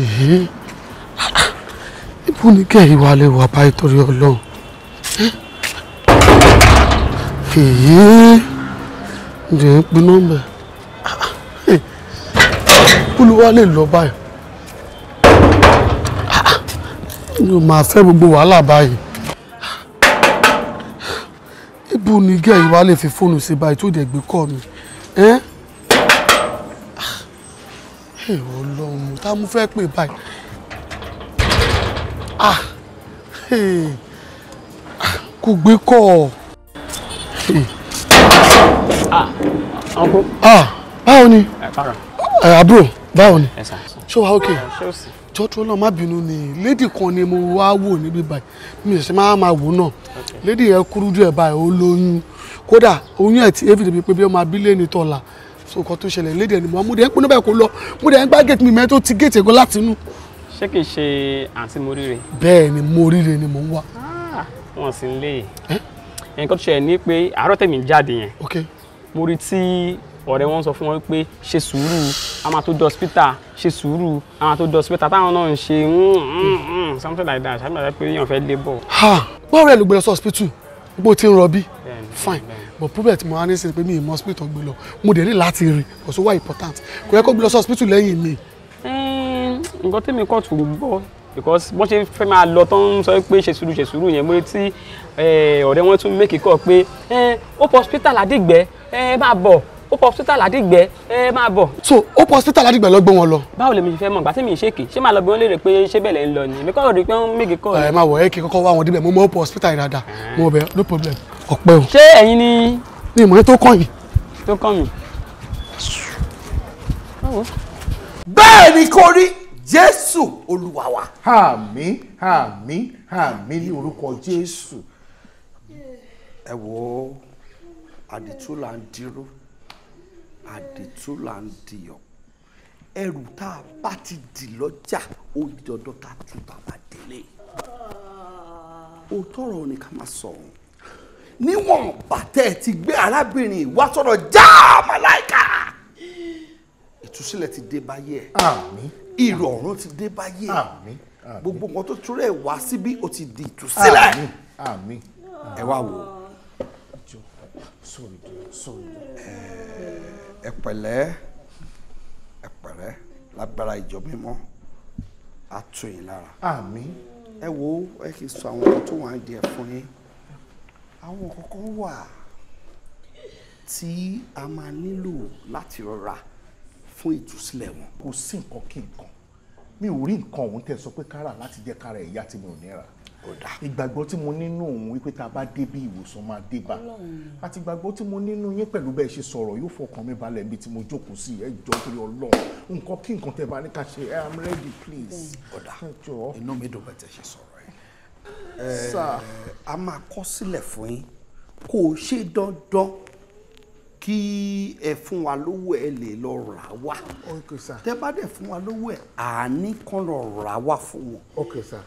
é. ibo ni kẹ́hìn wa lè wà báyìí torí ọlọ́run. ǹjẹ́ ń pin nọ́mbà olùwà lè lọ báyìí mi ò máa fẹ́ gbogbo wàhálà báyìí ibo ni gẹ́ẹ̀ ìwà lè fi fóònù sí báyìí tó dẹ̀ gbé kọ́ mi ẹ́ èrò ọlọ́run tá mo fẹ́ pè báyìí ah, kò gbé kọ́ ọ. Ah, ah, báwo ni. ẹ káàárọ̀. Eh, àbúrò báwo ni ṣé wàá ok jọ́tún náà má bínú ni lédì kan ni mo wá wò níbi báyìí mi ṣe máa máa wò náà lédì yẹn kúrú díẹ̀ báyìí ó lóyún kódà oyún ẹ̀ tí èyí fi pé bí ọmọ abílẹ̀ ní tọ́la so nǹkan tó ṣẹlẹ̀ lédì ẹni mo dẹ̀ ń pinnu báyìí kó lọ mo dẹ̀ ń gbá gate mi mẹ́ tó ti gate ẹ̀gọ́ láti inú. ṣé kìí ṣe àǹtí moríire. bẹ́ẹ̀ ni moríire ni mò ń wá. Ah, wọn sì ń lé e nǹkan tó ṣẹlẹ̀ ní pé àárọ̀ tèmi jáde yẹn mo rí tí ọ̀rẹ́ wọn sọ fún wọn pé ṣe sùúrù a máa tó dọ́sítà ṣe sùúrù a máa tó dọ́sítà táwọn náà ń ṣe mm, mm, mm, something like that ṣáà nígbà pé èèyàn fẹ́ lé bọ̀. báwo rẹ ló gbé lọ sí hospital bó ti ń rọbí fine but problem ti mo wá ní sin pé mi ì mọ hospital gbé lọ mo dẹ̀ ní láti rìn kò sí wá important kò yẹ kó gbé lọ sí hospital lẹ́yìn mi. nǹkan tẹ́mi kọ́ tù gbọ́ because bọ́n ṣe fẹ́ máa lọ tó ń sọ pé ṣe sùúrù ṣe sùúrù yẹn mo retí eh, ọ̀rẹ́ wọn tún mẹ́kì kọ́ pé ó hospital àdìgbẹ́ máa bọ̀ hope hospital àdìgbẹ́ ẹ máa bọ̀. so hope hospital àdìgbẹ́ lọ gbé wọn lọ. báwo lèmi ṣe fẹ́ mọ̀ gbà tí mi ṣèké ṣé máa lọ bí wọ́n léèrè pé ṣé bẹ̀lẹ̀ ń lọ ni èmi kọ́ rí pé ń mègè kọ́. ẹ máa wọ ẹ kí kọ́kọ́ wá wọn débẹ̀ mo mọ hope hospital ìrada ah. mo bẹ no problem ọpẹ́ o. ṣé ẹ̀yin ni. mi mọ̀ ẹ́ tó kàn yìí. tó kàn mí. bẹ́ẹ̀ ni kò rí jésù olúwa wa. àmín àmín ní orúkọ jésù ẹ wo àdìtú ń dirú àdètú là ń dìyàn ẹrù tá a bá ti dì lọ́jà ó di dandan tá a tún délé òótọ́ ọ̀rọ̀ ni ká máa sọ̀rọ̀ níwọ̀n bàtẹ́ ti gbé arábìnrin wá sọ̀rọ̀ jáàmà láìka ìtúsílẹ̀ ti dé báyé ẹ̀ ìrọ̀rùn ti dé báyé ẹ̀ gbogbo nǹkan tó túrẹ̀ wá síbí ó ti di ìtúsílẹ̀ ẹ wá wò. sorry sorry. Eh, ẹ pẹ̀lẹ́ ẹ pẹ̀lẹ́ lágbára ìjọ mímọ́ á tù yín lára. àmín. ẹ wo ẹ kì í sọ àwọn ọkọ tó wà di ẹ fún yín àwọn kọ̀ọ̀kan wà tí a máa nílò láti rọra fún ìtúsílẹ̀ wọn. kò sí nǹkan kí nǹkan mi ò rí nǹkan òun tẹ́ sọ pé kára láti jẹ́ kára ẹ̀yà tí mi ò ní rà ìgbàgbọ́ tí mo nínú òun wípé tá a bá dé bí ìwòsàn máa dé bá àti ìgbàgbọ́ tí mo nínú yín pẹ̀lú bẹ́ẹ̀ ṣe sọ̀rọ̀ yóò fọkàn mi balẹ̀ níbi tí mo jókòó sí ẹ jọ torí ọlọ́run nǹkan kí nǹkan tẹ́ bá ní ká ṣe i'm ready please. ọ̀dà inú mi dùn bẹ́ẹ̀ tẹ́ ṣe sọ̀rọ̀ ẹ̀ a máa kọ́ sílẹ̀ fún yín kó o ṣe dandan kí ẹ fún wa lówó ẹ lè lọ rà wá tẹ́ bá dẹ̀ fún wa lówó ẹ àní kan lọ rà wá fún wọn. sir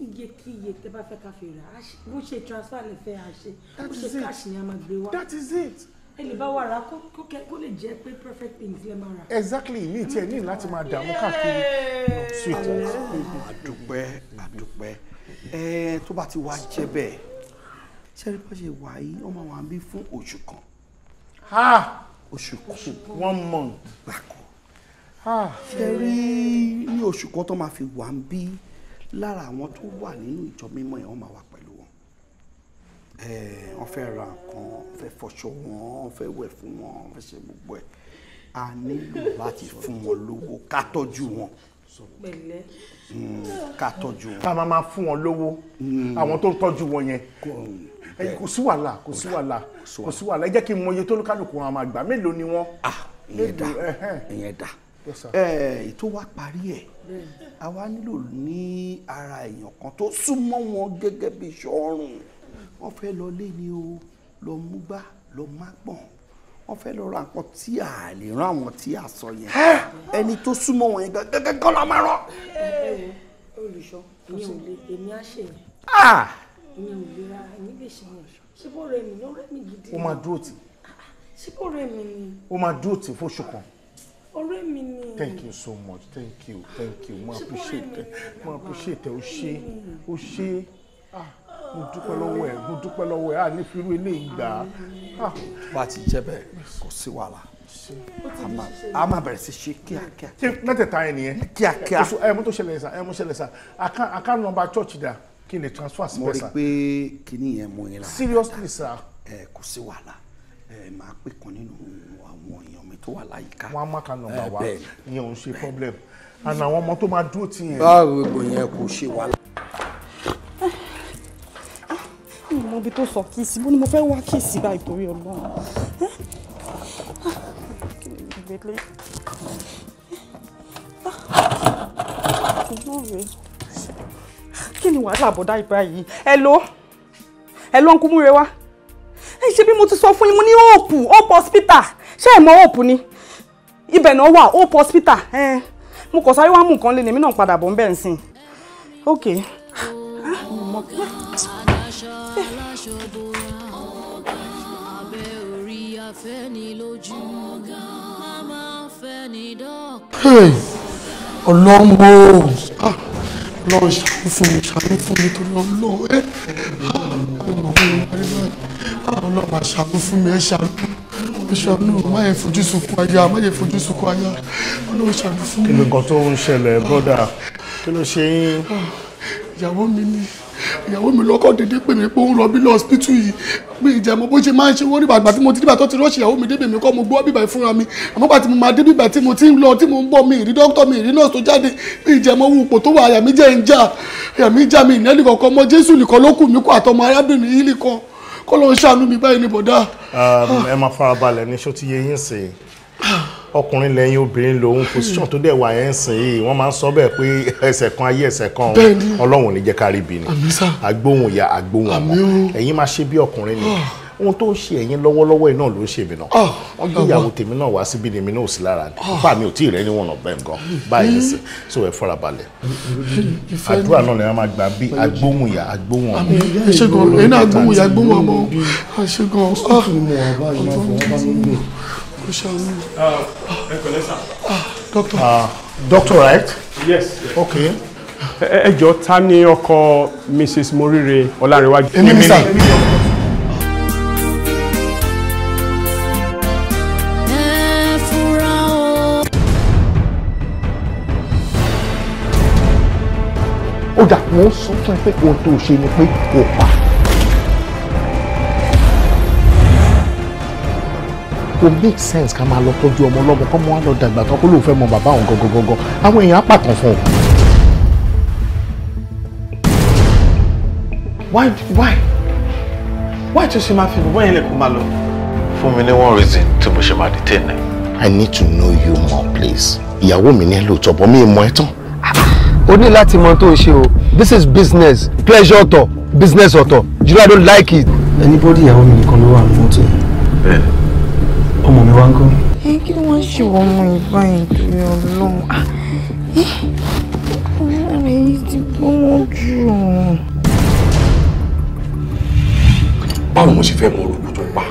iyekíye tẹ bá fẹ́ ká fi rà bó ṣe transfer lè fẹ́ àṣe bó ṣe cash ni a máa gbé wá. that is it. ẹ lè bá wa rà kó lè jẹ́ pé perfect things lè máa rà. exactly mi tiẹ̀ ní láti máa dààmú káàkiri sweet àdúpẹ́ àdúpẹ́ ẹ tó bá ti wá jẹ́ bẹ́ẹ̀ ṣẹ́rí bá ṣe wà yìí ọmọ wa ń bí fún oṣù kan oṣù kan one month gbàkọ ṣẹ́rí ní oṣù kan tó máa fi wà ń bí lára àwọn tó wà nínú ìjọ mímọ́ yẹn wọ́n máa wà pẹ̀lú wọn wọ́n fẹ́ ra nǹkan wọ́n fẹ́ fọṣọ wọn wọ́n fẹ́ wẹ̀ fún wọn wọ́n fẹ́ ṣe gbogbo ẹ̀ a nílò láti fún wọn lówó ká tọ́jú wọn pẹ̀lẹ́ hmm, ká tọ́jú wọn. ká máa máa fún wọn lówó hmm. àwọn tó ń tọ́jú wọn yẹn kò sí wàhálà kò sí wàhálà kò sí wàhálà ẹ jẹ́ kí n mọ iye tó lókàlùkù wọn àmàgbà mélòó ni wọ́n. Ah, ìyẹn dà ìyẹn dà ètò wa parí ẹ̀ àwa nílò ní ara èèyàn kan tó súnmọ́ wọn gẹ́gẹ́ bí sọ́ọ̀rùn wọ́n fẹ́ lọ lé ni o lọ mú gbá lọ má gbọ̀n wọ́n fẹ́ lọ ra nǹkan tí a lè rán àwọn tí a sọ yẹn ẹni tó súnmọ́ wọn yẹn gẹ́gẹ́ kọ́ la máa rán. olùṣọ́ èmi ò lè èmi á ṣe yẹn èmi ò lè ra èmi lè ṣe yẹn ṣé bó rẹ mi ló rẹ mi gidi. ó máa dúró tì. Ah, ah, ó máa dúró tì fóṣù kan ọ̀rẹ́ mi ni. thank you so much thank you thank you mo appreciate it. mo appreciate it. o ṣé o ṣé ah, mo dúpẹ́ lọ́wọ́ ẹ mo dúpẹ́ lọ́wọ́ ẹ à ní fi irú eléyìí gbà á. Ah. bá a ti jẹ́ bẹ́ẹ̀ kò sí wàhálà a máa bẹ̀rẹ̀ sí ṣe kíákíá. ṣé mẹ́tẹ̀ẹ̀ta yẹn nìyẹn. kíákíá. ẹ mo tó ṣẹlẹ̀ sá ẹ mo ṣẹlẹ̀ sá account number church dà kí n lè transfer sí bẹ́ẹ̀ sá. mo rí i pé kinní yẹn mú yín lára. seriously sá. ẹ kò sí wàhálà ẹ máa pè kan nínú tó wà láyìíká. wọn á má ka nọ́mbà wa ìyẹn ò ṣe problem àná àwọn ọmọ tó máa dúró tì yẹn. báwo gbogbo yẹn kò ṣe wà. Ah, mi mọ ibi tó sọ kíìsì bó ni mo fẹ́ wá kíìsì báyìí torí ọlọ́run. Eh? Ah, eh, ah, kí ni wàhálà àbọ̀dá ìgbà yìí ẹ ló ẹ ló ń kú múre wá ṣe bí mo ti sọ fún yín mo ní hope hope hospital ṣé ẹ̀ mọ hope ni ibẹ̀ náà wà hope hospital ẹ̀ mo kọ̀ sáré wá mú nǹkan lé lèmi náà padà bọ̀ ń bẹ̀ ń sìn ok. ọlọ́run o ọlọ́run ṣàánú fún mi ṣàánú fún mi tó lọ lọ ẹ ọlọ́run ṣàánú fún mi ẹ ṣàánú bishop no má yẹ fojú sunkún aya má yẹ fojú sunkún aya olóhùn ṣàánú fún mi. kí ni nǹkan tó ń ṣẹlẹ̀ brọ́dà kí ló ṣe yín. ìyàwó mi ni ìyàwó mi lọ́kọ̀ déédéé pè mí pé òun rọbí lọ hospital yìí pé ìjà mo bó ṣe máa ń ṣe wọ́n nígbà àgbà tí mo ti dìbà tó ti rọ́ọ̀ṣì ìyàwó mi débi mi kọ́ mo gbọ́ bíbà ìfúnra mi àmọ́ gbà tí mo máa dé bíbà tí mo ti ń lọ tí mo ń bọ̀ mi ìrí dókítà mi ìrí nọ́ọ̀sì tó jáde pé ìjà mo wù ipò tó wà àyà mi jẹ́ ń jà àyà mi já mi ìnẹ́lì kọ̀ọ̀kan mọ́ Jésù nìkan ló kù mí kó àtọmọ arábìnrin yìí nìkan kọ́ ló ń ṣàánú mi báyìí ní bọ̀dá. Um, ẹ máa fara balẹ̀ ní ṣó ti yé yín sè é ọkùnrin lẹ́yìn obìnrin lòun position tó dẹ̀ wà yẹn sìn yìí wọ́n máa ń sọ bẹ́ẹ̀ pé ẹsẹ̀ kan ayé ẹsẹ̀ kan ọlọ́run ò ní jẹ́ ká ibi ni àgbóhùn ìyá àgbóhùn ọmọ ẹ̀yin máa ṣe bí ọkùnrin ni. Ah ohun tó ń ṣe ẹ̀yin lọ́wọ́lọ́wọ́ iná ló ń ṣe mí náà ah, wọ́n gbé ah, ìyàwó ah. tèmi náà wá síbí ni mi náà ò sí lára ni fà mí ò tí ì rẹ́ níwọ̀n ọ̀bẹ nǹkan báyìí ní so ẹ fọ́ra balẹ̀ àdúrà náà ni wọ́n máa gbà bí agbóhùn ìyá agbóhùn ọmọ. ṣégun ẹ̀yin náà ọmọ ṣégun doctor right. yes. okay ẹ jọ̀ọ́ ta ni ọkọ mrs morire ọlárẹwájú. èmi ni sà. wọ́n sọ fún ẹ pé ohun tó ṣe ni pé kò pa. kò make sense ká máa lọ tọ́jú ọmọ ọlọ́mọ kọ́ mọ́ wá lọ dàgbà tán kó lóun fẹ́ mọ bàbá òun gangan gangan àwọn èèyàn á pàtàn fún un. why why why tó ṣe máa fi bọ́ yẹn lè kó máa lọ. fún mi ní one reason tí mo ṣe máa detain ẹ. I need to know you more please. ìyàwó mi ní ẹ lóòótọ́ bọ́ mi ì mọ ẹ tán o ní láti mọ tó ń ṣe o this is business pleasure ọ̀tọ̀ business ọ̀tọ̀ you know I don't like it. anybody ìyàwó mi nìkan ló wà ní mọ́tò yìí. bẹ́ẹ̀ ọmọ mi wá ń kọ́. ẹ kí ni wọ́n ṣe wọ́n mọ ìgbà ìdúró ọlọ́run ah, ọ̀rẹ́ yìí ti gbọ́n jù ọ́. báwo mo ṣe fẹ́ mọ orúkọ tó pa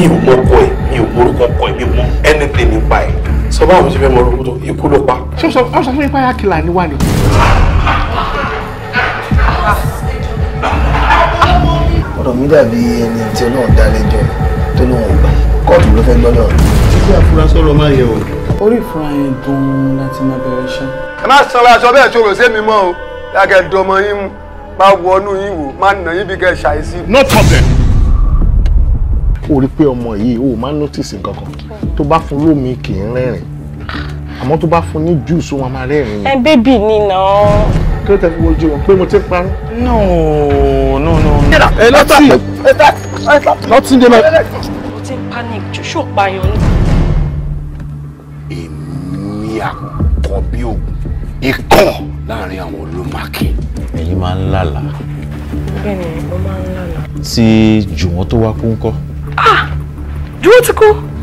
mi ò mọ ọkọ ẹ mi ò mọ orúkọ ọkọ ẹ mi ò mọ anything nípa ẹ sọ báwo ṣe fẹ́ mọ orúkú tó ikú ló pa. ṣé o sọ fún mi pé ayákìlá ni wà ní. ọ̀rọ̀ mi dàbí ẹni tí ọlọ́run dá lẹ́jọ́ tó lóun gbà kóòtù ló fẹ́ gbọ́dọ̀. títí àfúrásọ ọ̀rọ̀ máa yẹ o. orí ìfura yẹn gan-an láti máa bẹ̀rẹ̀ iṣẹ́. ẹ má sanra aṣọ bẹ́ẹ̀ ṣòro sí mi mọ́ o lákẹ́ dọmọ yín mu má wọnú yín wò má nà yín bí kẹ́ ṣàìsí. no problem. o rí pé ọmọ yìí o máa ń notice nǹkan kan tó bá fún lómi kì í rẹ́rìn àmọ́ tó bá fún ní juice wọn máa rẹ́rìn ni. ẹ bébì ni nà ọ. kí ló tẹ fi wojú wọn pé mo ti parọ́. no no no. ẹ lọ́tì lọ́tì dé máa. mo ti ń panic ṣoṣo pààyàn ni. èmi àkọ́bí ògùn ikọ̀ láàrin àwọn olómàkì. ẹ̀yin máa ń lálàá. bẹ́ẹ̀ni mo máa ń lálàá. tí jùwọ́n tó wá kú ń kọ́. ah jùwọ́n ti kú.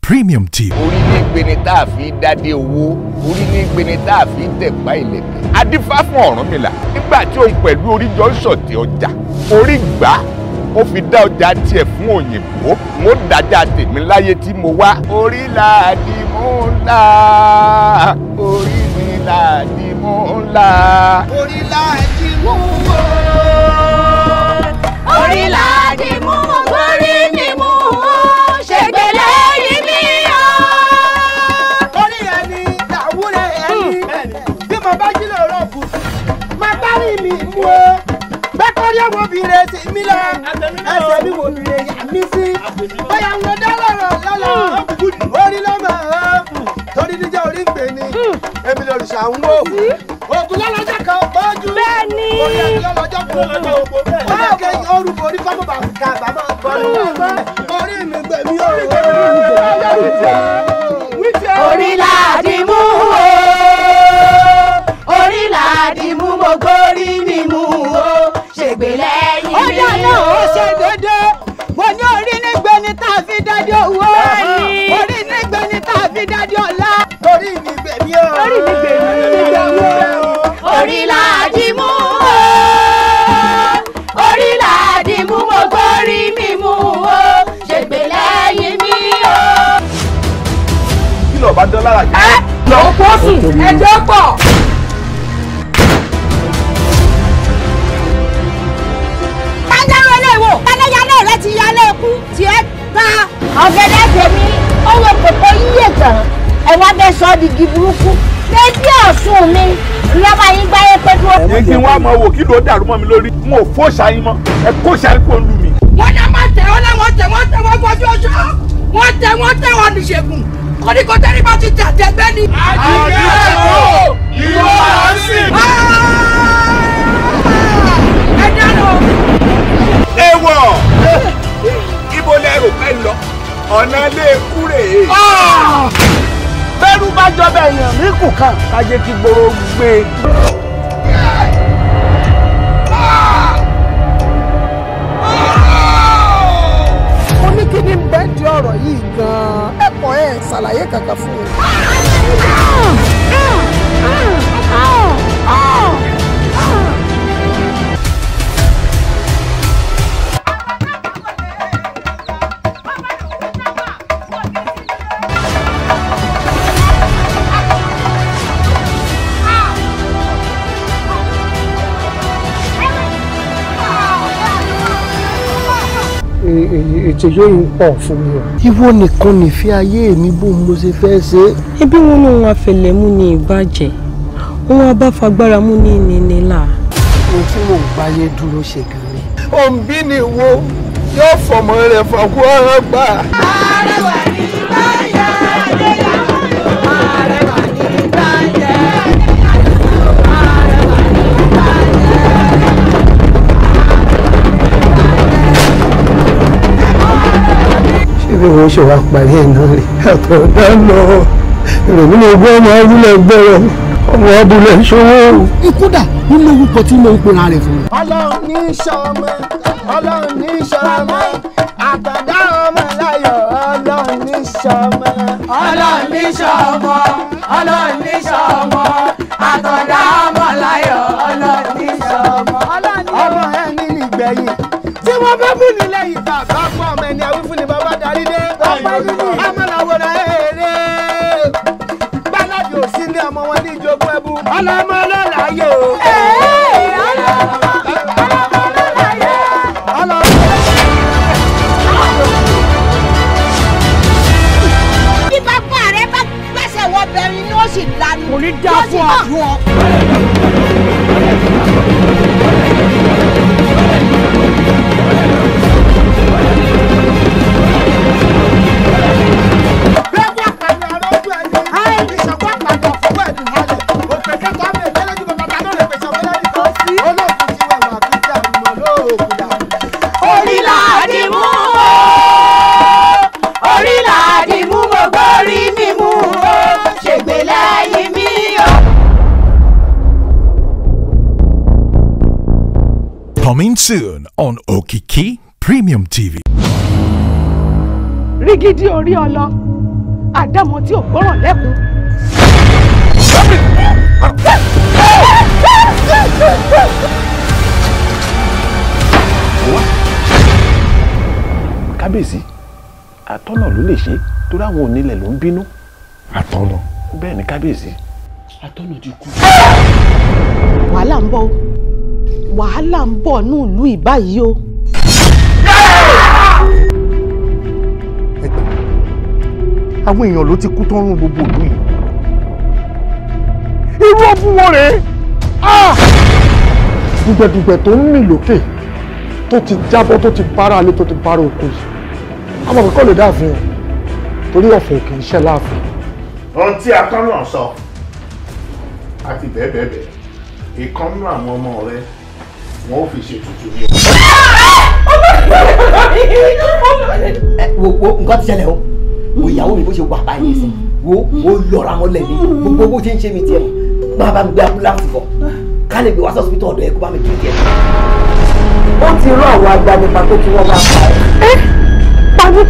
premium tea. orí ní gbeni tá a fi dádé owó orí ní gbeni tá a fi tẹ̀pá ìlẹ̀kẹ̀. adífá fún Ọ̀rúnmìlà nígbà tí òun pẹ̀lú orí ń ṣọ̀tẹ̀ ọjà orí gbà ó fi dá ọjà tiẹ̀ fún òyìnbó mo dájà tèmi láyé tí mo wá. orí là di mú ńlá orí mi là di mú ńlá. orí là di mú wó orí là. kú o bẹ́kọ̀rí àwọn obìnrin ẹsẹ̀ mi lọ ẹsẹ̀ mi wò obìnrin yà mí sí bóyá ń lọ dá lọ́rọ̀ lọ́lọ́ orí ló mọ̀ ọ́ torí níjẹ́ orí ń pè ní èmi lè rìṣà ń wò ògùn lọ́lọ́jọ́ kan bọ́jú bẹ́ẹ̀ni ògùn lọ́lọ́jọ́ kan bọ́jú báwo kẹ́ orúkọ orí fọ́mù bàbá bàbá bọ́ọ̀lù orí mi gbẹ̀mí òòrùn. bá dán lára jẹ. ẹ lọ́wọ́ pọ́sù ẹjọ́ pọ̀. kájáró lè wò kájáró rẹ ti yálé ikú tiẹ̀ ta ọ̀gẹ̀dẹ̀ tèmi owó kòkó yíyẹ tán ẹ wá bẹ sọ di igi burúkú dédé ọ̀sùn mi lọ́ba yín gbáyé pé dúró. ẹ kí n wá mọ owó kí ló dàrú mọ́ mi lórí n ò fó ṣáyín mọ́ ẹ kó ṣáyín kó lù mí. wọ́n ní a máa tẹ̀ wọ́n náà wọ́n tẹ̀ wọ́n tẹ̀ wọ́n fojú ọjọ́ wọ́n tẹ̀ wọ́n tẹ̀ wọ́n níṣègùn kò ní kò tẹ́rí bá ti tàtẹ́gbẹ́ ni. àdìgbẹ́ ẹ̀kọ́ ìwọ àásìn. ẹ dáná. ewọ ibo lẹ rò pẹ́ lọ ọ̀nà ilé ikú rèé. Ah! bẹ́rù bá jọ bẹ̀yàn ní kù kan kájé kí gbòòrò gbé. ètò yóò ń pọ̀ fún mi ìwọ nìkan nìfẹ́ ayé mi bó mo ṣe fẹ́ ṣe. ẹbí wọn ní òun àfẹlẹ mú ní ìbàjẹ́ òun abáfagbára mú ní ìnínílà. ohun tí mò ń báyé dúró ṣe gan ni. òǹbí ni wo yóò fọmọ rẹ fọkú ọ̀rọ̀ gbà. ààrẹ wà bí wọ́n ṣe wá parí ẹ̀ náà rè àtọ̀dá lọ ìrònú lè gbọ́ ọmọ abúlé gbọ́rọ̀ ọmọ abúlé ṣòwò. ikú dà nínú orúkọ tí mo ń pera rẹ̀ fún mi. ọlọ́run ní sọmọ ọlọ́run ní sọmọ àtọ̀dá ọmọ láyọ̀ ọlọ́run ní sọmọ. ọlọ́run ní sọmọ ọlọ́run ní sọmọ àtọ̀dá ọmọ láyọ̀ ọlọ́run ní sọmọ. ọmọ ẹni nìgbẹ̀yìn tí wọ́n bá bù nílẹ̀ yìí bàbá fún ọmọ ẹni àwífún ni bàbá. ọlọmọ lọlá yóò. ọlọmọ. coming soon on Okiki Premium TV. Rigidi orí ọlọ, àdámọ̀ tí ò gbọ́ràn lẹ́kùn. Kábíyèsí, àtọ́nà ló lè ṣe torí àwọn onílẹ̀ ló ń bínú. Àtọ́nà. Bẹ́ẹ̀ ni kábíyèsí, àtọ́nà ti kú. Wàhálà ń bọ̀ o wàhálà ń bọ̀ ní ìlú ìbáyìí o. àwọn èèyàn ló ti kú tó rún gbogbo ìlú yìí irú ọ̀bùn wọn rèé dùgbẹ̀dùgbẹ̀ tó ń mì lókè tó ti jábọ́ tó ti bára alẹ́ tó ti bára oko yìí àmọ́ kọ́kọ́ lè dáàfin torí ọ̀fọ̀ kì í ṣe láàfin. ohun tí akọ́nà sọ àti bẹ́ẹ̀ bẹ́ẹ̀ bẹ́ẹ̀ ìkọ́nú àwọn ọmọ rẹ̀ wọn fi ṣe ètùtù ní wo wo nǹkan ti ṣẹlẹ̀ o wo ìyàwó mi bó ṣe wà báyìí sí wo wo lọ́ra wọn lẹ̀ gbogbo bó ṣe ń ṣe mi tiẹ̀ máa bá mi gbé ambulance bọ̀ ká lè gbé wá sí hospital ọ̀dọ̀ ẹ̀ kó bá mi dé tiẹ̀. ó ti rán àwọn agbanipa pé kí wọ́n máa pa ẹ́. ẹ eh, pa mí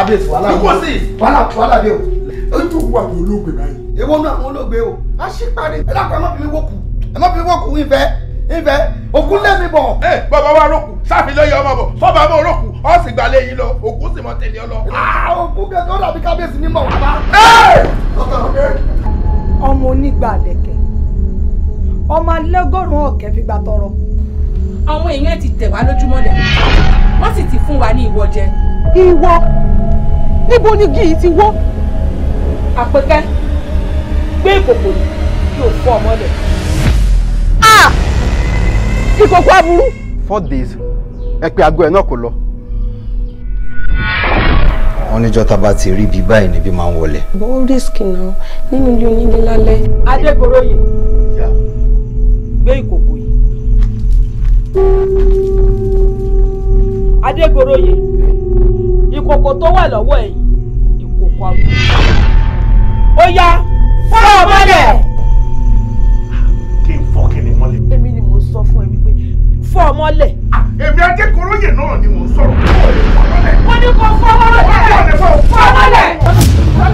kábíyèsí wàhálà wàhálà wàhálà bí o. ojú wa ni olóògbé báyìí. èwo náà àwọn olóògbé o a ṣì parí ẹ lápá ẹ má fi mi wọ́kù ẹ má fi mi wọ́kù ìfẹ́ ìfẹ́ òkú lẹ́mi bọ̀. ẹ eh, bàbá wa rókù sáfì lóye ọmọ bọ fọba mọ rókù ọ sì gbalẹ yìí lọ òkú sì mọ tẹlẹ ọ ah, eh! ọmọ onígbà àdẹ̀kẹ̀ ọmọ alẹ́gọ́rùn-ún ọ̀kẹ́ fi gba tọrọ. àwọn èèyàn ti tẹ̀ wá lójúmọ́lẹ̀ wọ́n sì ti fún wa ní ìwọ jẹ. ìwọ níbo ni gíì ti wọ́. àpẹkẹ gbé ìkòkò kí o fọ ọmọ rẹ. ìkòkò aburú. four days ẹ pé aago ẹ náà kò lọ. wọ́n níjọ́ tá a bá ti rí ibi báyìí níbi máa ń wọlé. bó risk náà nínú ilé onílé lálẹ́. adégoróyè gbé ìkòkò yìí. adégoróyè ìkòkò tó wà lọ́wọ́ ẹ̀yìn wà wú. ó yá fọ́ ọ mọ́lẹ̀. kí n fọ́ kíni mọ́lẹ̀. èmi ni mò ń sọ fún ẹ wípé fọ́ ọ mọ́lẹ̀. èmi ajé koróyè náà ni mò ń sọ̀rọ̀ fún ọ mọ́lẹ̀. mo ní kó fọ́ mọ́lẹ̀. fọ́ mọ́lẹ̀. fọ́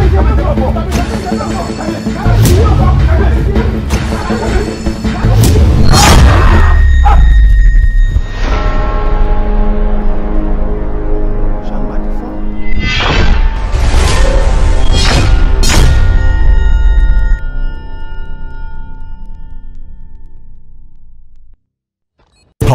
mọ́lẹ̀.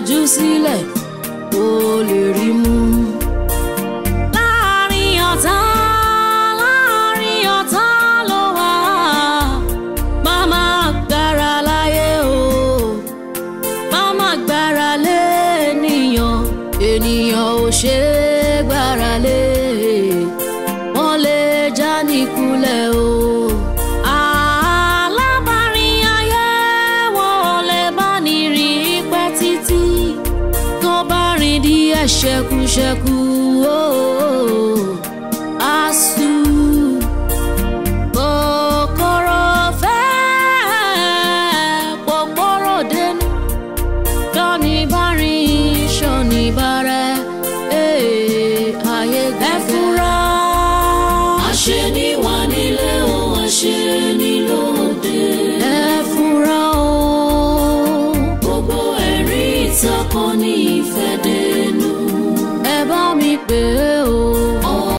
juicy leg. je